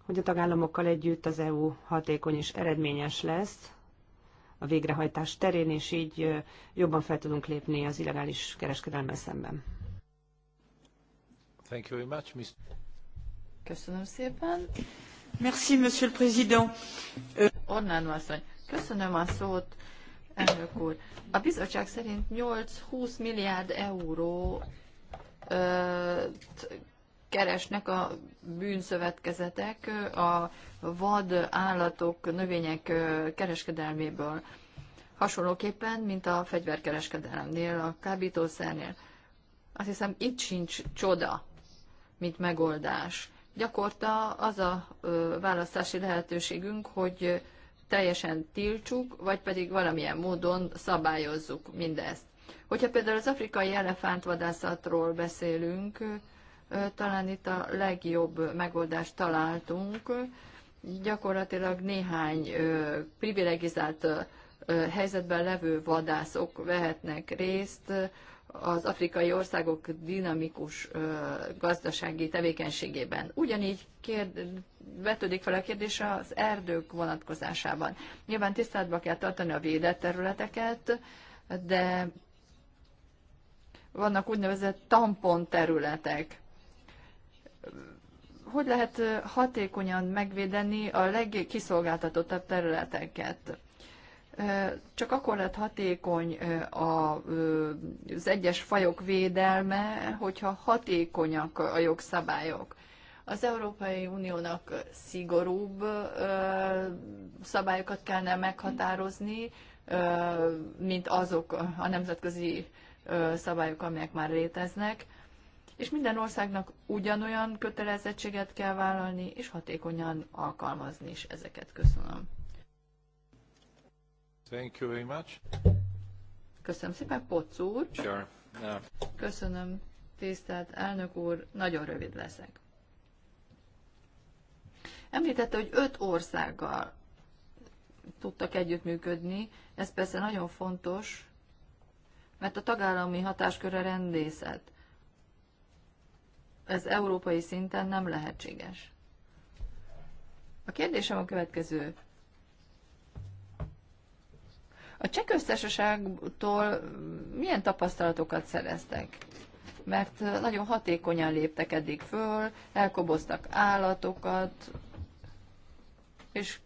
hogy a tagállamokkal együtt az EU hatékony és eredményes lesz, a végrehajtás terén, és így jobban fel tudunk lépni az illegális kereskedelme szemben. Thank you very much, Mr. Köszönöm szépen. Merci, Monsieur le Président. Euh, Ornán asszony, köszönöm a szót, elnök úr. A bizottság szerint 8-20 milliárd euró keresnek a bűnszövetkezetek a vad állatok, növények kereskedelméből. Hasonlóképpen, mint a fegyverkereskedelemnél, a kábítószernél. Azt hiszem, itt sincs csoda, mint megoldás. Gyakorta az a választási lehetőségünk, hogy teljesen tiltsuk, vagy pedig valamilyen módon szabályozzuk mindezt. Hogyha például az afrikai elefántvadászatról beszélünk, talán itt a legjobb megoldást találtunk. Gyakorlatilag néhány privilegizált helyzetben levő vadászok vehetnek részt az afrikai országok dinamikus gazdasági tevékenységében. Ugyanígy kérd, vetődik fel a kérdés az erdők vonatkozásában. Nyilván tisztátba kell tartani a védett területeket, de vannak úgynevezett tampon területek, hogy lehet hatékonyan megvédeni a legkiszolgáltatottabb területeket. Csak akkor lett hatékony az egyes fajok védelme, hogyha hatékonyak a jogszabályok. Az Európai Uniónak szigorúbb szabályokat kellene meghatározni, mint azok a nemzetközi szabályok, amelyek már léteznek és minden országnak ugyanolyan kötelezettséget kell vállalni, és hatékonyan alkalmazni is ezeket. Köszönöm. Thank you very much. Köszönöm szépen, Pocz úr. Sure. No. Köszönöm, tisztelt elnök úr, nagyon rövid leszek. Említette, hogy öt országgal tudtak együttműködni, ez persze nagyon fontos, mert a tagállami hatáskör a rendészet ez európai szinten nem lehetséges. A kérdésem a következő. A cseh köztársaságtól milyen tapasztalatokat szereztek? Mert nagyon hatékonyan léptek eddig föl, elkoboztak állatokat, és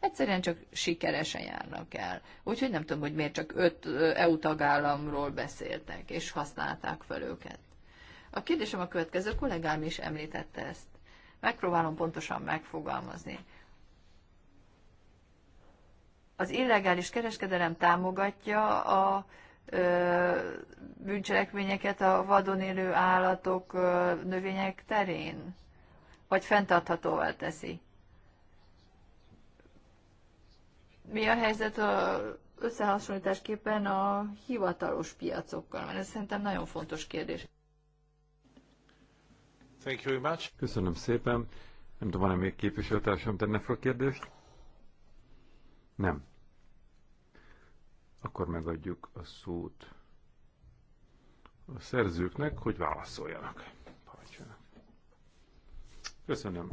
egyszerűen csak sikeresen járnak el. Úgyhogy nem tudom, hogy miért csak öt EU tagállamról beszéltek, és használták fel őket. A kérdésem a következő, a kollégám is említette ezt. Megpróbálom pontosan megfogalmazni. Az illegális kereskedelem támogatja a ö, bűncselekményeket a vadon élő állatok, ö, növények terén? Vagy fenntarthatóvá teszi? Mi a helyzet a összehasonlításképpen a hivatalos piacokkal? Mert ez szerintem nagyon fontos kérdés. Thank you very much. Köszönöm szépen. Nem tudom, van-e még képviselőtársam tenne fel kérdést? Nem. Akkor megadjuk a szót a szerzőknek, hogy válaszoljanak. Köszönöm.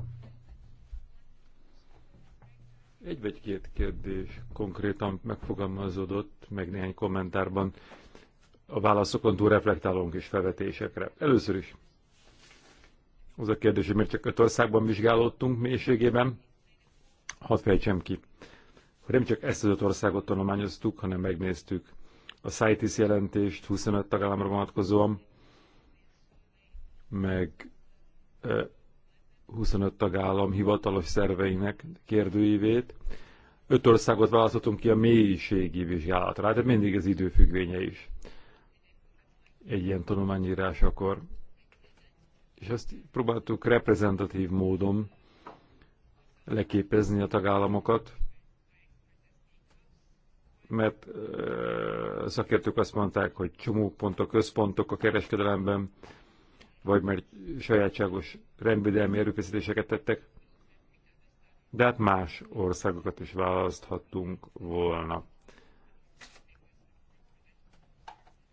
Egy vagy két kérdés konkrétan megfogalmazódott, meg néhány kommentárban a válaszokon túl reflektálunk és felvetésekre. Először is az a kérdés, hogy miért csak öt országban vizsgálódtunk mélységében, hadd fejtsem ki. Hogy nem csak ezt az öt országot tanulmányoztuk, hanem megnéztük a CITES jelentést 25 tagállamra vonatkozóan, meg 25 tagállam hivatalos szerveinek kérdőívét. Öt országot választottunk ki a mélységi vizsgálatra, tehát mindig az időfüggvénye is egy ilyen tanulmányírás, akkor és ezt próbáltuk reprezentatív módon leképezni a tagállamokat, mert ö, szakértők azt mondták, hogy csomópontok, központok a kereskedelemben, vagy mert sajátságos rendvédelmi erőfeszítéseket tettek, de hát más országokat is választhattunk volna.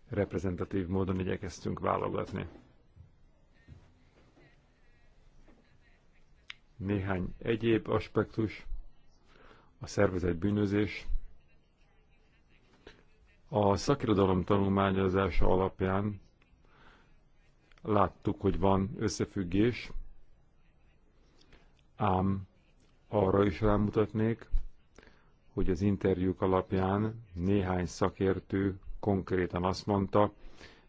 Reprezentatív módon igyekeztünk válogatni. Néhány egyéb aspektus, a szervezet bűnözés. A szakirodalom tanulmányozása alapján láttuk, hogy van összefüggés, ám arra is rámutatnék, hogy az interjúk alapján néhány szakértő konkrétan azt mondta,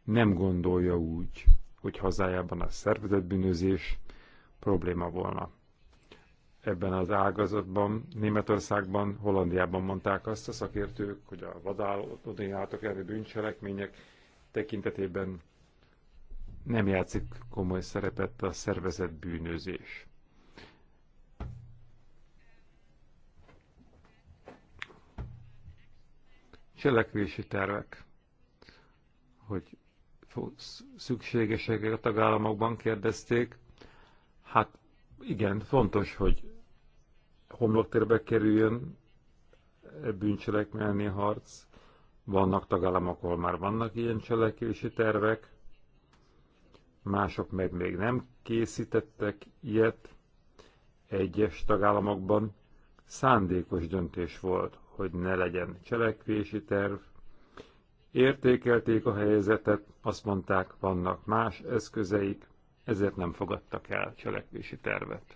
nem gondolja úgy, hogy hazájában a szervezetbűnözés probléma volna ebben az ágazatban, Németországban, Hollandiában mondták azt a szakértők, hogy a vadállatok elleni bűncselekmények tekintetében nem játszik komoly szerepet a szervezett bűnözés. Cselekvési tervek, hogy szükségesek a tagállamokban kérdezték, hát igen, fontos, hogy homloktérbe kerüljön e bűncselekményi harc. Vannak tagállamok, ahol már vannak ilyen cselekvési tervek, mások meg még nem készítettek ilyet. Egyes tagállamokban szándékos döntés volt, hogy ne legyen cselekvési terv. Értékelték a helyzetet, azt mondták, vannak más eszközeik, ezért nem fogadtak el cselekvési tervet.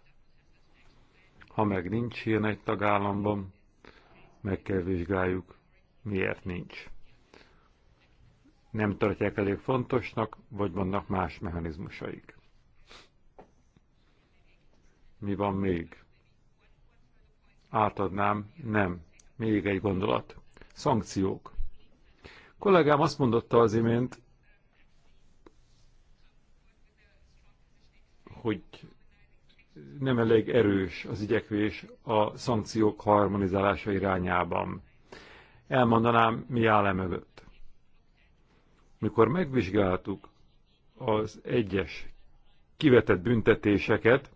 Ha meg nincs ilyen egy tagállamban, meg kell vizsgáljuk, miért nincs. Nem tartják elég fontosnak, vagy vannak más mechanizmusaik. Mi van még? Átadnám, nem. Még egy gondolat. Szankciók. A kollégám azt mondotta az imént, hogy nem elég erős az igyekvés a szankciók harmonizálása irányában. Elmondanám, mi áll e mögött. Mikor megvizsgáltuk az egyes kivetett büntetéseket,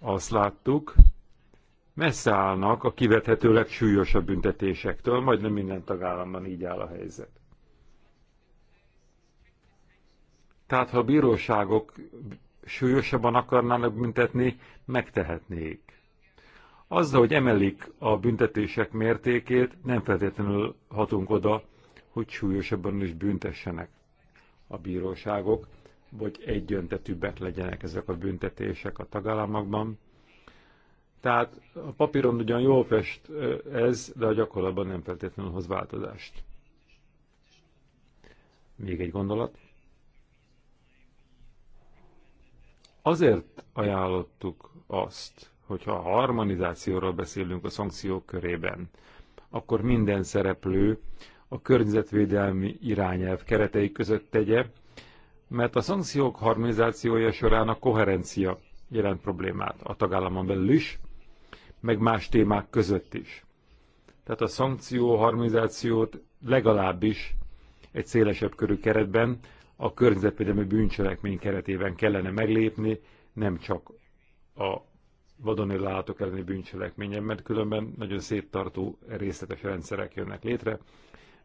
azt láttuk, messze állnak a kivethető legsúlyosabb büntetésektől, majdnem minden tagállamban így áll a helyzet. Tehát ha a bíróságok súlyosabban akarnának büntetni, megtehetnék. Azzal, hogy emelik a büntetések mértékét, nem feltétlenül hatunk oda, hogy súlyosabban is büntessenek a bíróságok, vagy egyöntetűbbek legyenek ezek a büntetések a tagállamokban. Tehát a papíron ugyan jól fest ez, de a gyakorlatban nem feltétlenül hoz változást. Még egy gondolat. Azért ajánlottuk azt, hogyha a harmonizációról beszélünk a szankciók körében, akkor minden szereplő a környezetvédelmi irányelv keretei között tegye, mert a szankciók harmonizációja során a koherencia jelent problémát a tagállamon belül is, meg más témák között is. Tehát a szankció harmonizációt legalábbis egy szélesebb körű keretben a környezetvédelmi bűncselekmény keretében kellene meglépni, nem csak a vadoni elleni bűncselekményen, mert különben nagyon széttartó részletes rendszerek jönnek létre,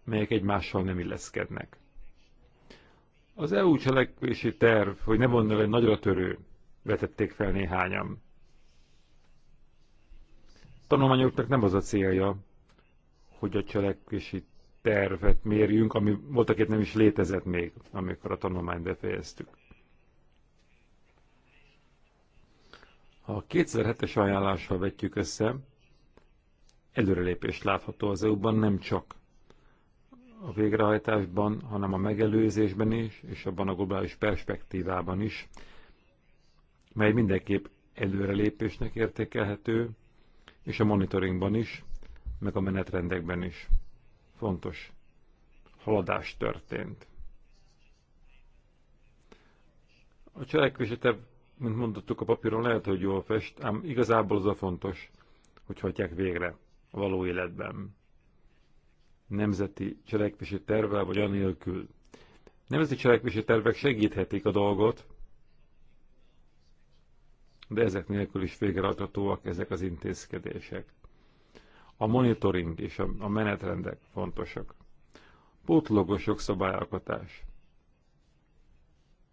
melyek egymással nem illeszkednek. Az EU cselekvési terv, hogy ne mondjam, egy nagyra törő, vetették fel néhányan. A tanulmányoknak nem az a célja, hogy a cselekvési tervet mérjünk, ami voltakét nem is létezett még, amikor a tanulmányt befejeztük. Ha a 2007-es ajánlással vetjük össze, előrelépés látható az EU-ban nem csak a végrehajtásban, hanem a megelőzésben is, és abban a globális perspektívában is, mely mindenképp előrelépésnek értékelhető, és a monitoringban is, meg a menetrendekben is fontos haladás történt. A cselekvésete, mint mondottuk a papíron, lehet, hogy jól fest, ám igazából az a fontos, hogy hagyják végre a való életben. Nemzeti cselekvési tervvel vagy anélkül. Nemzeti cselekvési tervek segíthetik a dolgot, de ezek nélkül is végrehajthatóak ezek az intézkedések. A monitoring és a menetrendek fontosak. Pótlogos jogszabályalkotás.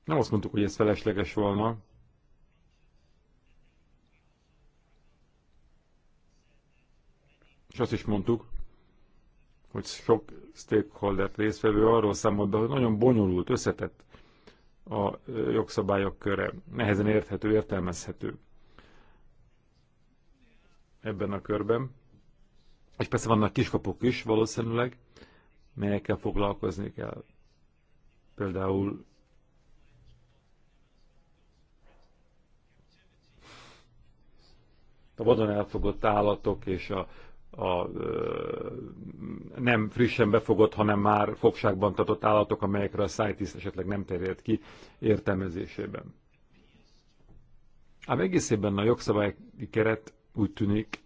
Nem azt mondtuk, hogy ez felesleges volna. És azt is mondtuk, hogy sok stakeholder részvevő arról számolt be, hogy nagyon bonyolult, összetett a jogszabályok köre, nehezen érthető, értelmezhető ebben a körben. És persze vannak kiskapuk is valószínűleg, melyekkel foglalkozni kell. Például a vadon elfogott állatok és a, a ö, nem frissen befogott, hanem már fogságban tartott állatok, amelyekre a szájtiszt esetleg nem terjed ki értelmezésében. Ám egészében a jogszabályi keret úgy tűnik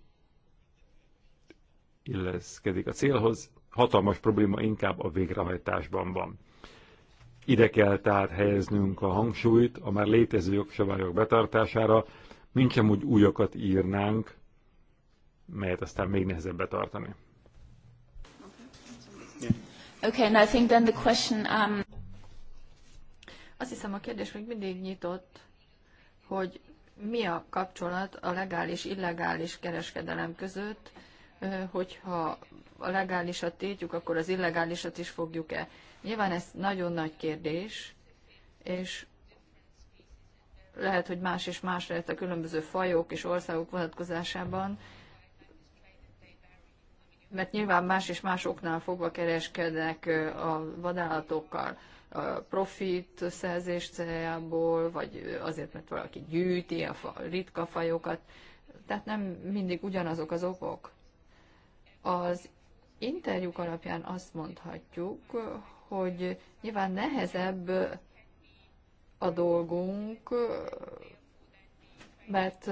illeszkedik a célhoz, hatalmas probléma inkább a végrehajtásban van. Ide kell tehát helyeznünk a hangsúlyt a már létező jogszabályok betartására, mintsem úgy újakat írnánk, melyet aztán még nehezebb betartani. Okay, and I think then the question, um... Azt hiszem a kérdés még mindig nyitott, hogy mi a kapcsolat a legális-illegális kereskedelem között, hogyha a legálisat tétjük, akkor az illegálisat is fogjuk-e? Nyilván ez nagyon nagy kérdés, és lehet, hogy más és más lehet a különböző fajok és országok vonatkozásában, mert nyilván más és más oknál fogva kereskednek a vadállatokkal a profit szerzés céljából, vagy azért, mert valaki gyűjti a ritka fajokat. Tehát nem mindig ugyanazok az okok. Az interjúk alapján azt mondhatjuk, hogy nyilván nehezebb a dolgunk, mert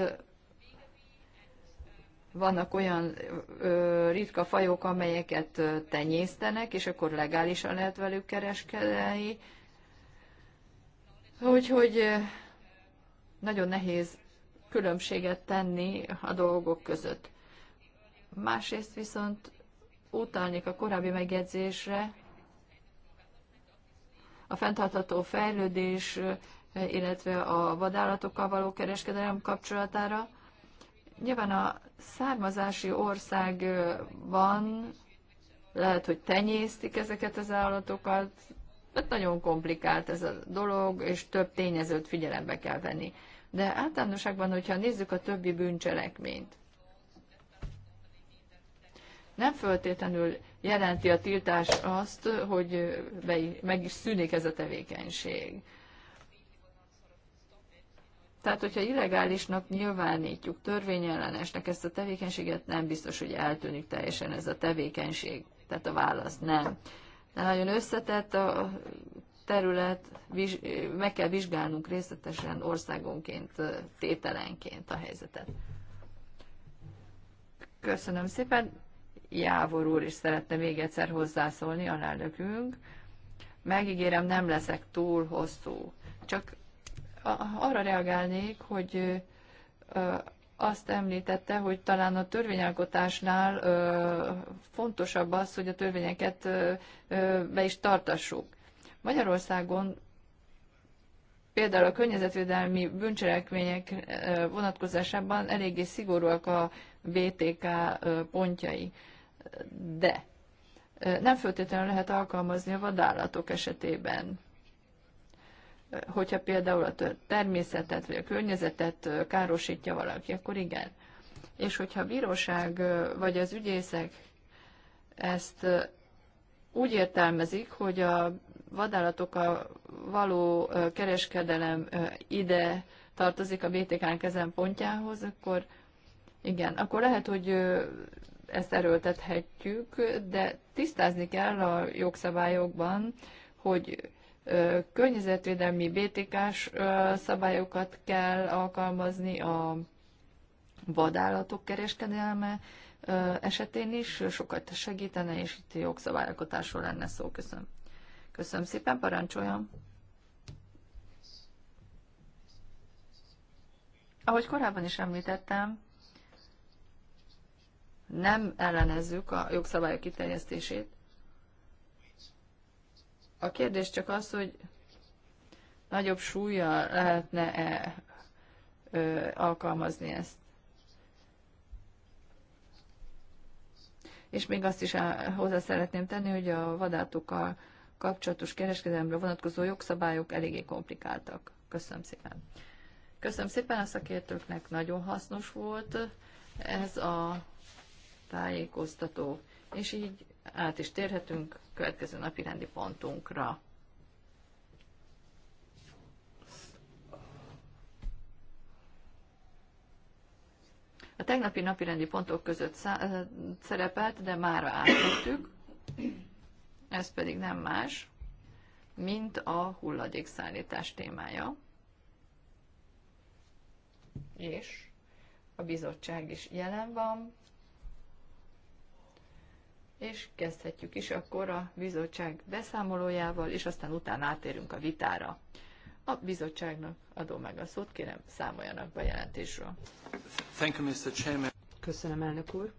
vannak olyan ö, ritka fajok, amelyeket tenyésztenek, és akkor legálisan lehet velük kereskedni. Úgyhogy nagyon nehéz különbséget tenni a dolgok között. Másrészt viszont utalnék a korábbi megjegyzésre, a fenntartható fejlődés, illetve a vadállatokkal való kereskedelem kapcsolatára. Nyilván a származási országban lehet, hogy tenyésztik ezeket az állatokat, de nagyon komplikált ez a dolog, és több tényezőt figyelembe kell venni. De általánosságban, hogyha nézzük a többi bűncselekményt, nem föltétlenül jelenti a tiltás azt, hogy meg is szűnik ez a tevékenység. Tehát, hogyha illegálisnak nyilvánítjuk, törvényellenesnek ezt a tevékenységet, nem biztos, hogy eltűnik teljesen ez a tevékenység. Tehát a válasz nem. De nagyon összetett a terület, meg kell vizsgálnunk részletesen országonként, tételenként a helyzetet. Köszönöm szépen. Jávor úr is szeretne még egyszer hozzászólni, alelnökünk. Megígérem, nem leszek túl hosszú. Csak arra reagálnék, hogy azt említette, hogy talán a törvényalkotásnál fontosabb az, hogy a törvényeket be is tartassuk. Magyarországon például a környezetvédelmi bűncselekmények vonatkozásában eléggé szigorúak a BTK pontjai de nem feltétlenül lehet alkalmazni a vadállatok esetében. Hogyha például a természetet vagy a környezetet károsítja valaki, akkor igen. És hogyha a bíróság vagy az ügyészek ezt úgy értelmezik, hogy a vadállatok a való kereskedelem ide tartozik a BTK-n ezen akkor igen, akkor lehet, hogy ezt erőltethetjük, de tisztázni kell a jogszabályokban, hogy környezetvédelmi BTK-s szabályokat kell alkalmazni a vadállatok kereskedelme esetén is, sokat segítene, és itt jogszabályalkotásról lenne szó. Köszönöm. Köszönöm szépen, parancsoljam. Ahogy korábban is említettem, nem ellenezzük a jogszabályok kiterjesztését. A kérdés csak az, hogy nagyobb súlya lehetne-e alkalmazni ezt. És még azt is hozzá szeretném tenni, hogy a vadátokkal kapcsolatos kereskedelemre vonatkozó jogszabályok eléggé komplikáltak. Köszönöm szépen. Köszönöm szépen a szakértőknek, nagyon hasznos volt ez a tájékoztató, és így át is térhetünk következő napi rendi pontunkra. A tegnapi napirendi pontok között szerepelt, de már átvettük, ez pedig nem más, mint a hulladékszállítás témája. És a bizottság is jelen van, és kezdhetjük is akkor a bizottság beszámolójával, és aztán utána átérünk a vitára. A bizottságnak adom meg a szót, kérem számoljanak be jelentésről. Thank you, Mr. Chairman. Köszönöm, elnök úr.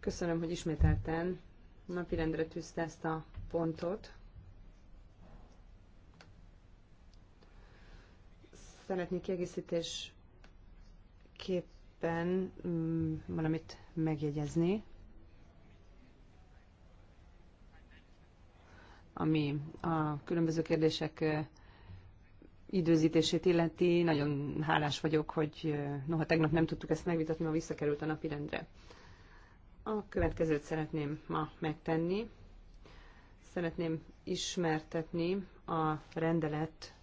Köszönöm, hogy ismételten napirendre tűzte ezt a pontot. Szeretnék kiegészítésképpen mm, valamit megjegyezni. ami a különböző kérdések időzítését illeti. Nagyon hálás vagyok, hogy noha tegnap nem tudtuk ezt megvitatni, ma visszakerült a napirendre. A következőt szeretném ma megtenni. Szeretném ismertetni a rendelet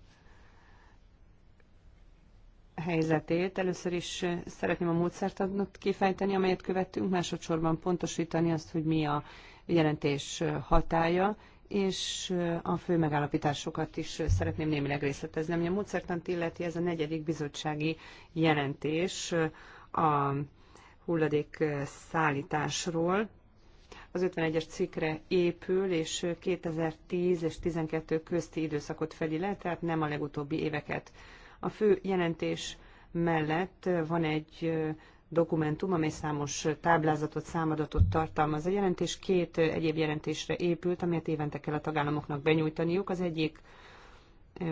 helyzetét. Először is szeretném a módszertanot kifejteni, amelyet követtünk, másodszorban pontosítani azt, hogy mi a jelentés hatája, és a fő megállapításokat is szeretném némileg részletezni. Ami a módszertant illeti, ez a negyedik bizottsági jelentés a hulladék szállításról. Az 51-es cikkre épül, és 2010 és 12 közti időszakot fedi le, tehát nem a legutóbbi éveket. A fő jelentés mellett van egy dokumentum, amely számos táblázatot, számadatot tartalmaz. A jelentés két eh, egyéb jelentésre épült, amelyet évente kell a tagállamoknak benyújtaniuk. Az egyik eh,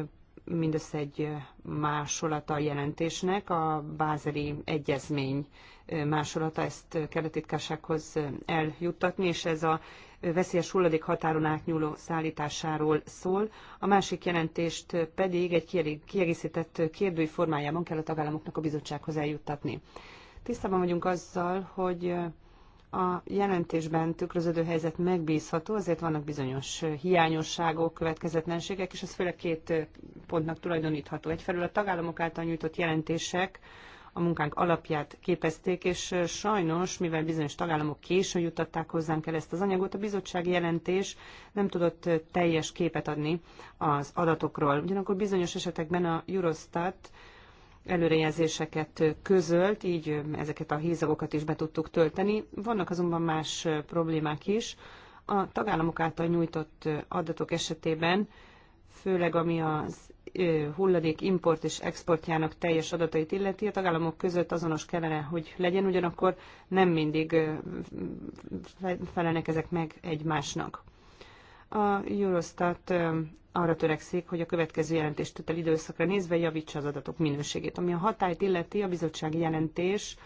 mindössze egy eh, másolata a jelentésnek, a Bázeli Egyezmény másolata, ezt kell a eljuttatni, és ez a veszélyes hulladék határon átnyúló szállításáról szól. A másik jelentést pedig egy kiegészített kérdői formájában kell a tagállamoknak a bizottsághoz eljuttatni. Tisztában vagyunk azzal, hogy a jelentésben tükröződő helyzet megbízható, azért vannak bizonyos hiányosságok, következetlenségek, és ez főleg két pontnak tulajdonítható. Egyfelől a tagállamok által nyújtott jelentések a munkánk alapját képezték, és sajnos, mivel bizonyos tagállamok későn jutották hozzánk el ezt az anyagot, a bizottsági jelentés nem tudott teljes képet adni az adatokról. Ugyanakkor bizonyos esetekben a Eurostat előrejelzéseket közölt, így ezeket a hízagokat is be tudtuk tölteni. Vannak azonban más problémák is. A tagállamok által nyújtott adatok esetében, főleg ami az hulladék import és exportjának teljes adatait illeti, a tagállamok között azonos kellene, hogy legyen, ugyanakkor nem mindig felelnek ezek meg egymásnak. A Eurostat arra törekszik, hogy a következő jelentéstétel időszakra nézve javítsa az adatok minőségét. Ami a hatályt illeti, a bizottsági jelentés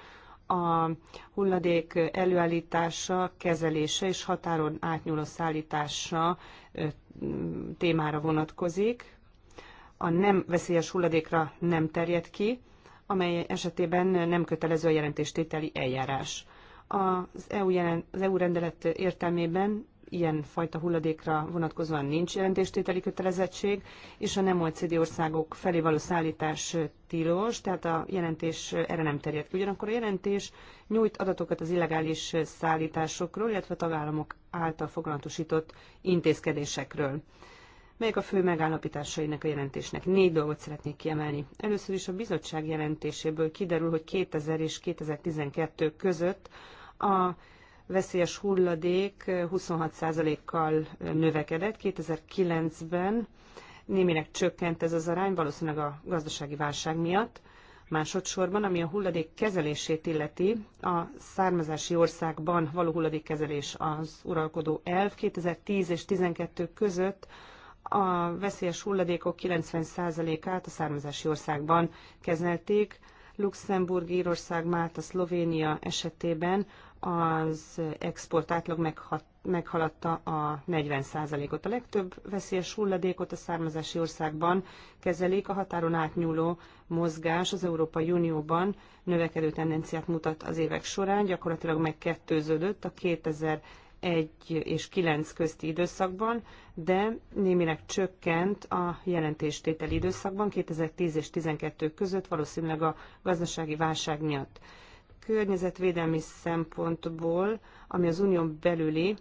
a hulladék előállítása, kezelése és határon átnyúló szállítása témára vonatkozik. A nem veszélyes hulladékra nem terjed ki, amely esetében nem kötelező a jelentéstételi eljárás. Az EU, jelen, az EU rendelet értelmében ilyen fajta hulladékra vonatkozóan nincs jelentéstételi kötelezettség, és a nem OECD országok felé való szállítás tilos, tehát a jelentés erre nem terjed ki. Ugyanakkor a jelentés nyújt adatokat az illegális szállításokról, illetve a tagállamok által foglalatosított intézkedésekről melyek a fő megállapításainak a jelentésnek. Négy dolgot szeretnék kiemelni. Először is a bizottság jelentéséből kiderül, hogy 2000 és 2012 között a veszélyes hulladék 26%-kal növekedett 2009-ben, némileg csökkent ez az arány, valószínűleg a gazdasági válság miatt. Másodszorban, ami a hulladék kezelését illeti, a származási országban való hulladékkezelés az uralkodó elv. 2010 és 2012 között a veszélyes hulladékok 90%-át a származási országban kezelték, Luxemburg, Írország, Málta, Szlovénia esetében az export átlag meghaladta a 40%-ot. A legtöbb veszélyes hulladékot a származási országban kezelik, a határon átnyúló mozgás az Európai Unióban növekedő tendenciát mutat az évek során, gyakorlatilag megkettőződött a 2000 egy és 9 közti időszakban, de némileg csökkent a jelentéstételi időszakban 2010 és 12 között, valószínűleg a gazdasági válság miatt környezetvédelmi szempontból, ami az unión belüli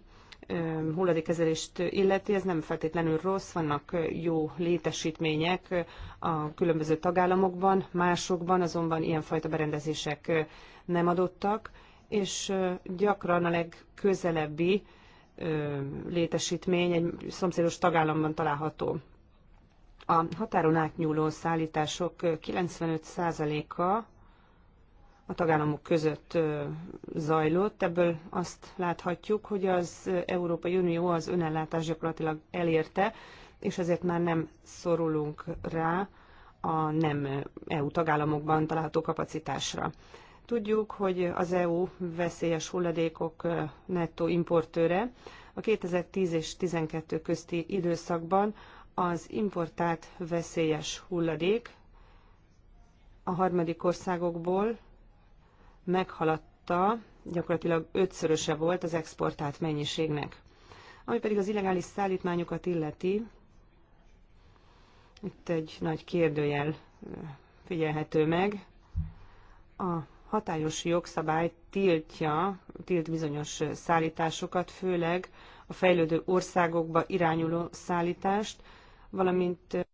hulladékkezelést illeti, ez nem feltétlenül rossz, vannak jó létesítmények a különböző tagállamokban, másokban azonban ilyenfajta berendezések nem adottak, és gyakran a legközelebbi létesítmény egy szomszédos tagállamban található. A határon átnyúló szállítások 95%-a a tagállamok között zajlott. Ebből azt láthatjuk, hogy az Európai Unió az önellátás gyakorlatilag elérte, és ezért már nem szorulunk rá a nem EU tagállamokban található kapacitásra. Tudjuk, hogy az EU veszélyes hulladékok nettó importőre. A 2010 és 2012 közti időszakban az importált veszélyes hulladék a harmadik országokból meghaladta, gyakorlatilag ötszöröse volt az exportált mennyiségnek. Ami pedig az illegális szállítmányokat illeti, itt egy nagy kérdőjel figyelhető meg. A hatályos jogszabály tiltja, tilt bizonyos szállításokat, főleg a fejlődő országokba irányuló szállítást, valamint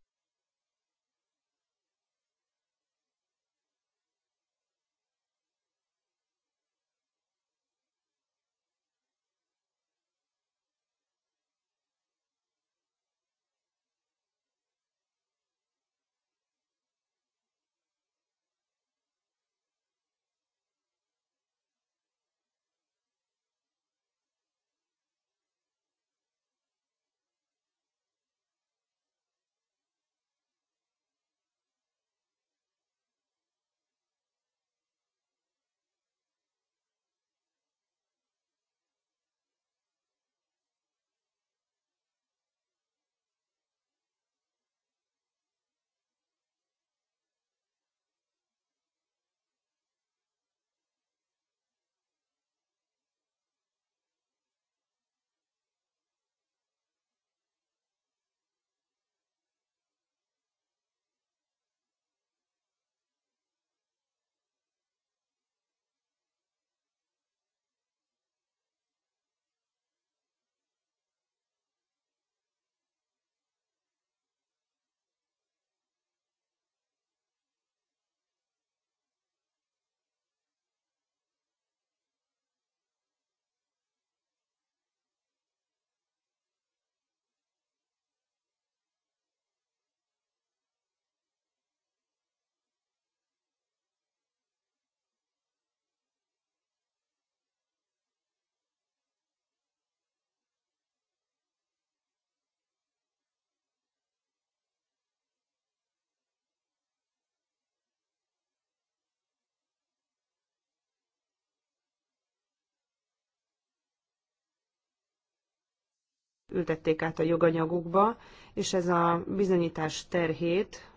ültették át a joganyagukba, és ez a bizonyítás terhét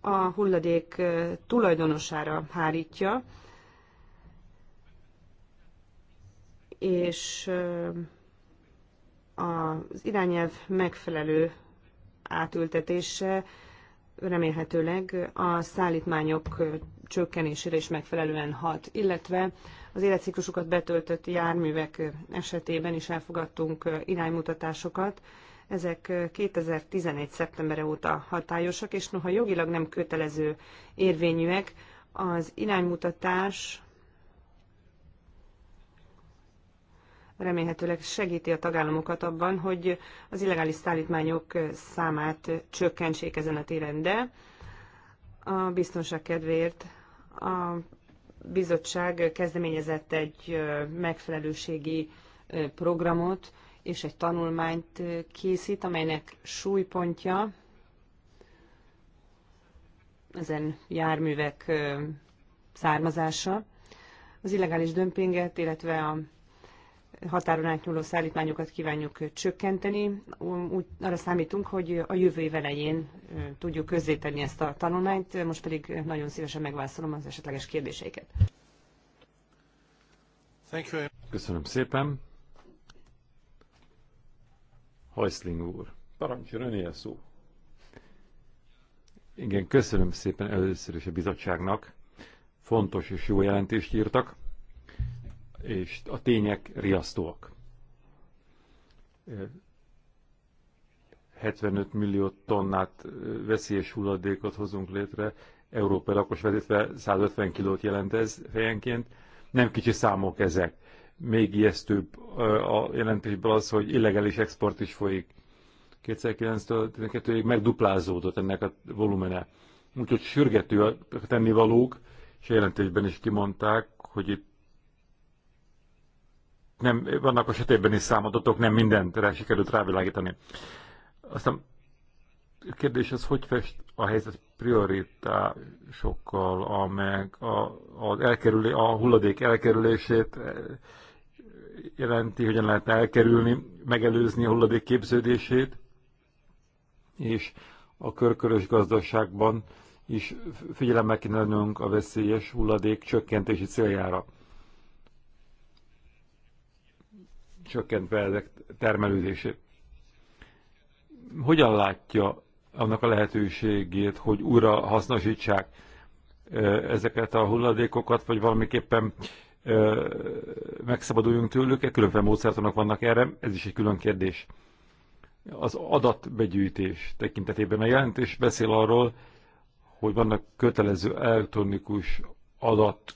a hulladék tulajdonosára hárítja, és az irányelv megfelelő átültetése remélhetőleg a szállítmányok csökkenésére is megfelelően hat, illetve az életciklusukat betöltött járművek esetében is elfogadtunk iránymutatásokat. Ezek 2011. szeptembere óta hatályosak, és noha jogilag nem kötelező érvényűek, az iránymutatás remélhetőleg segíti a tagállamokat abban, hogy az illegális szállítmányok számát csökkentsék ezen a téren, de a biztonság kedvéért a bizottság kezdeményezett egy megfelelőségi programot és egy tanulmányt készít, amelynek súlypontja ezen járművek származása, az illegális dömpinget, illetve a határon átnyúló szállítmányokat kívánjuk csökkenteni. Úgy arra számítunk, hogy a jövő év elején tudjuk közzétenni ezt a tanulmányt, most pedig nagyon szívesen megválaszolom az esetleges kérdéseiket. Köszönöm szépen. Hajszling úr, parancsoljon önél szó. Igen, köszönöm szépen először is a bizottságnak. Fontos és jó jelentést írtak és a tények riasztóak. 75 millió tonnát veszélyes hulladékot hozunk létre, európai lakos vezetve 150 kilót jelent ez fejenként. Nem kicsi számok ezek. Még ijesztőbb a jelentésből az, hogy illegális export is folyik. 2009-től 12-ig megduplázódott ennek a volumene. Úgyhogy sürgető a tennivalók, és a jelentésben is kimondták, hogy itt nem, vannak a sötétben is számadatok, nem rá sikerült rávilágítani. Aztán a kérdés az, hogy fest a helyzet prioritásokkal, amelyek a, a, elkerülé, a hulladék elkerülését eh, jelenti, hogyan lehet elkerülni, megelőzni a hulladék képződését, és a körkörös gazdaságban is figyelemmel kéne lennünk a veszélyes hulladék csökkentési céljára. csökkentve ezek termelődését. Hogyan látja annak a lehetőségét, hogy újra hasznosítsák ezeket a hulladékokat, vagy valamiképpen megszabaduljunk tőlük, -e? különféle módszertanok vannak erre, ez is egy külön kérdés. Az adatbegyűjtés tekintetében a jelentés beszél arról, hogy vannak kötelező elektronikus adat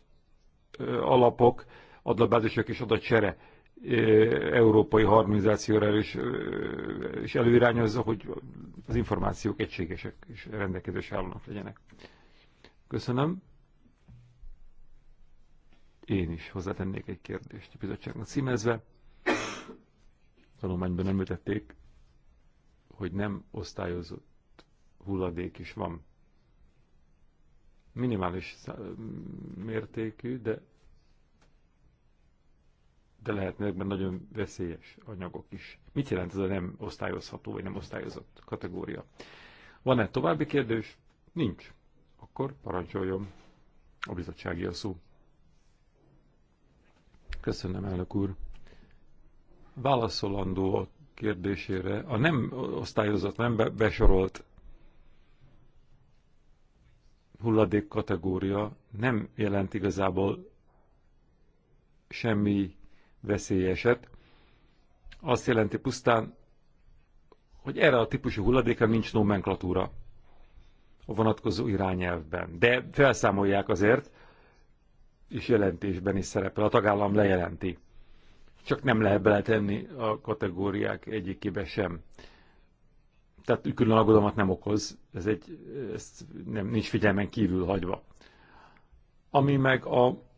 alapok, adatbázisok és adatcsere európai harmonizációra is, is előirányozza, hogy az információk egységesek és rendelkezős állónak legyenek. Köszönöm. Én is hozzátennék egy kérdést a bizottságnak címezve. Tanulmányban ütették, hogy nem osztályozott hulladék is van. Minimális mértékű, de de lehetnek benne nagyon veszélyes anyagok is. Mit jelent ez a nem osztályozható vagy nem osztályozott kategória? Van-e további kérdés? Nincs. Akkor parancsoljon a bizottsági a szó. Köszönöm, elnök úr. Válaszolandó a kérdésére, a nem osztályozott, nem besorolt hulladék kategória nem jelent igazából semmi veszélyeset. Azt jelenti pusztán, hogy erre a típusú hulladékra nincs nomenklatúra a vonatkozó irányelvben. De felszámolják azért, és jelentésben is szerepel, a tagállam lejelenti. Csak nem lehet beletenni a kategóriák egyikébe sem. Tehát külön aggodalmat nem okoz, ez egy, ezt nem, nincs figyelmen kívül hagyva. Ami meg a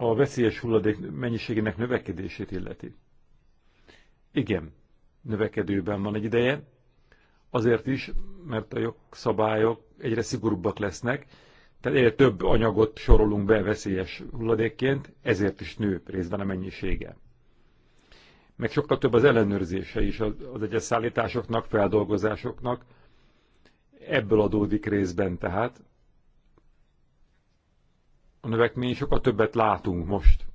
a veszélyes hulladék mennyiségének növekedését illeti. Igen, növekedőben van egy ideje, azért is, mert a jogszabályok egyre szigorúbbak lesznek, tehát egyre több anyagot sorolunk be veszélyes hulladékként, ezért is nő részben a mennyisége. Meg sokkal több az ellenőrzése is az egyes szállításoknak, feldolgozásoknak, ebből adódik részben tehát, a növekmény, sokkal többet látunk most.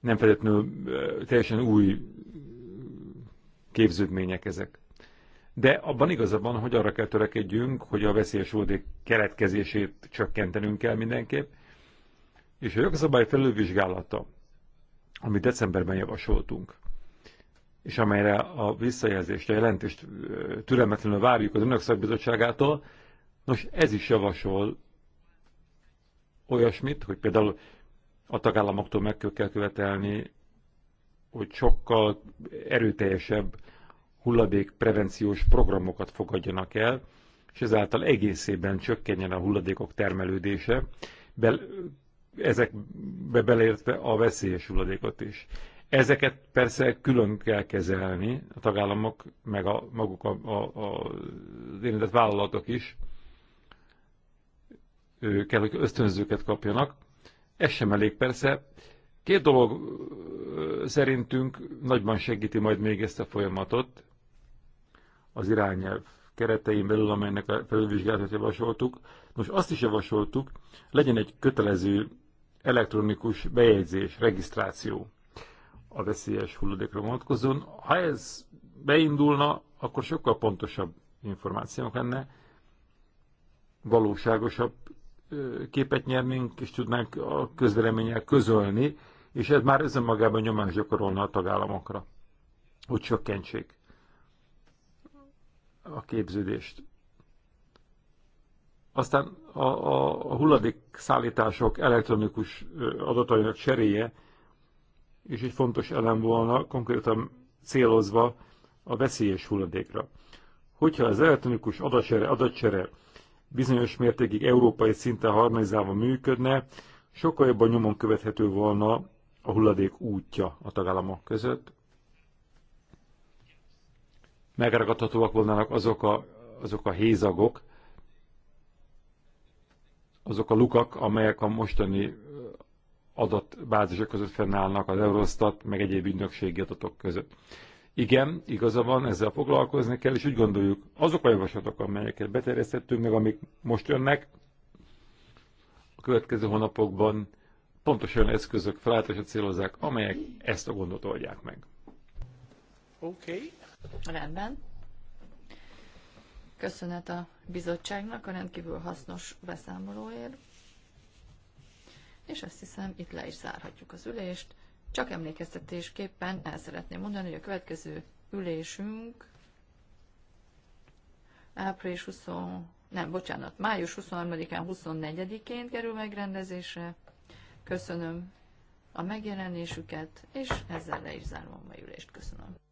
Nem feltétlenül teljesen új képződmények ezek. De abban igazabban, hogy arra kell törekedjünk, hogy a veszélyes oldék keletkezését csökkentenünk kell mindenképp, és a jogszabály felülvizsgálata, amit decemberben javasoltunk, és amelyre a visszajelzést, a jelentést türelmetlenül várjuk az önök szakbizottságától, nos, ez is javasol olyasmit, hogy például a tagállamoktól meg kell követelni, hogy sokkal erőteljesebb hulladékprevenciós programokat fogadjanak el, és ezáltal egészében csökkenjen a hulladékok termelődése, be, ezekbe beleértve a veszélyes hulladékot is. Ezeket persze külön kell kezelni, a tagállamok, meg a, maguk a, a, a, az érintett vállalatok is, kell, hogy ösztönzőket kapjanak. Ez sem elég persze. Két dolog szerintünk nagyban segíti majd még ezt a folyamatot. Az irányelv keretein belül, amelynek a felülvizsgálatot javasoltuk. Most azt is javasoltuk, legyen egy kötelező elektronikus bejegyzés, regisztráció a veszélyes hulladékra vonatkozóan. Ha ez beindulna, akkor sokkal pontosabb információk lenne, valóságosabb képet nyernénk, és tudnánk a közvéleménnyel közölni, és ez már ezen magában nyomás gyakorolna a tagállamokra, hogy csökkentsék a képződést. Aztán a, a, a szállítások elektronikus adatainak cseréje is egy fontos elem volna, konkrétan célozva a veszélyes hulladékra. Hogyha az elektronikus adatcsere, adatcsere bizonyos mértékig európai szinten harmonizálva működne, sokkal jobban nyomon követhető volna a hulladék útja a tagállamok között. Megragadhatóak volnának azok a, azok a hézagok, azok a lukak, amelyek a mostani adatbázisok között fennállnak, az Eurostat, meg egyéb ügynökségi adatok között. Igen, igaza van, ezzel foglalkozni kell, és úgy gondoljuk, azok a javaslatok, amelyeket beterjesztettünk meg, amik most jönnek, a következő hónapokban pontosan eszközök felállítása célozzák, amelyek ezt a gondot oldják meg. Oké. Okay. Rendben. Köszönet a bizottságnak a rendkívül hasznos beszámolóért. És azt hiszem, itt le is zárhatjuk az ülést. Csak emlékeztetésképpen el szeretném mondani, hogy a következő ülésünk április 20, nem, bocsánat, május 23-án, 24-én kerül megrendezésre. Köszönöm a megjelenésüket, és ezzel le is zárom a mai ülést. Köszönöm.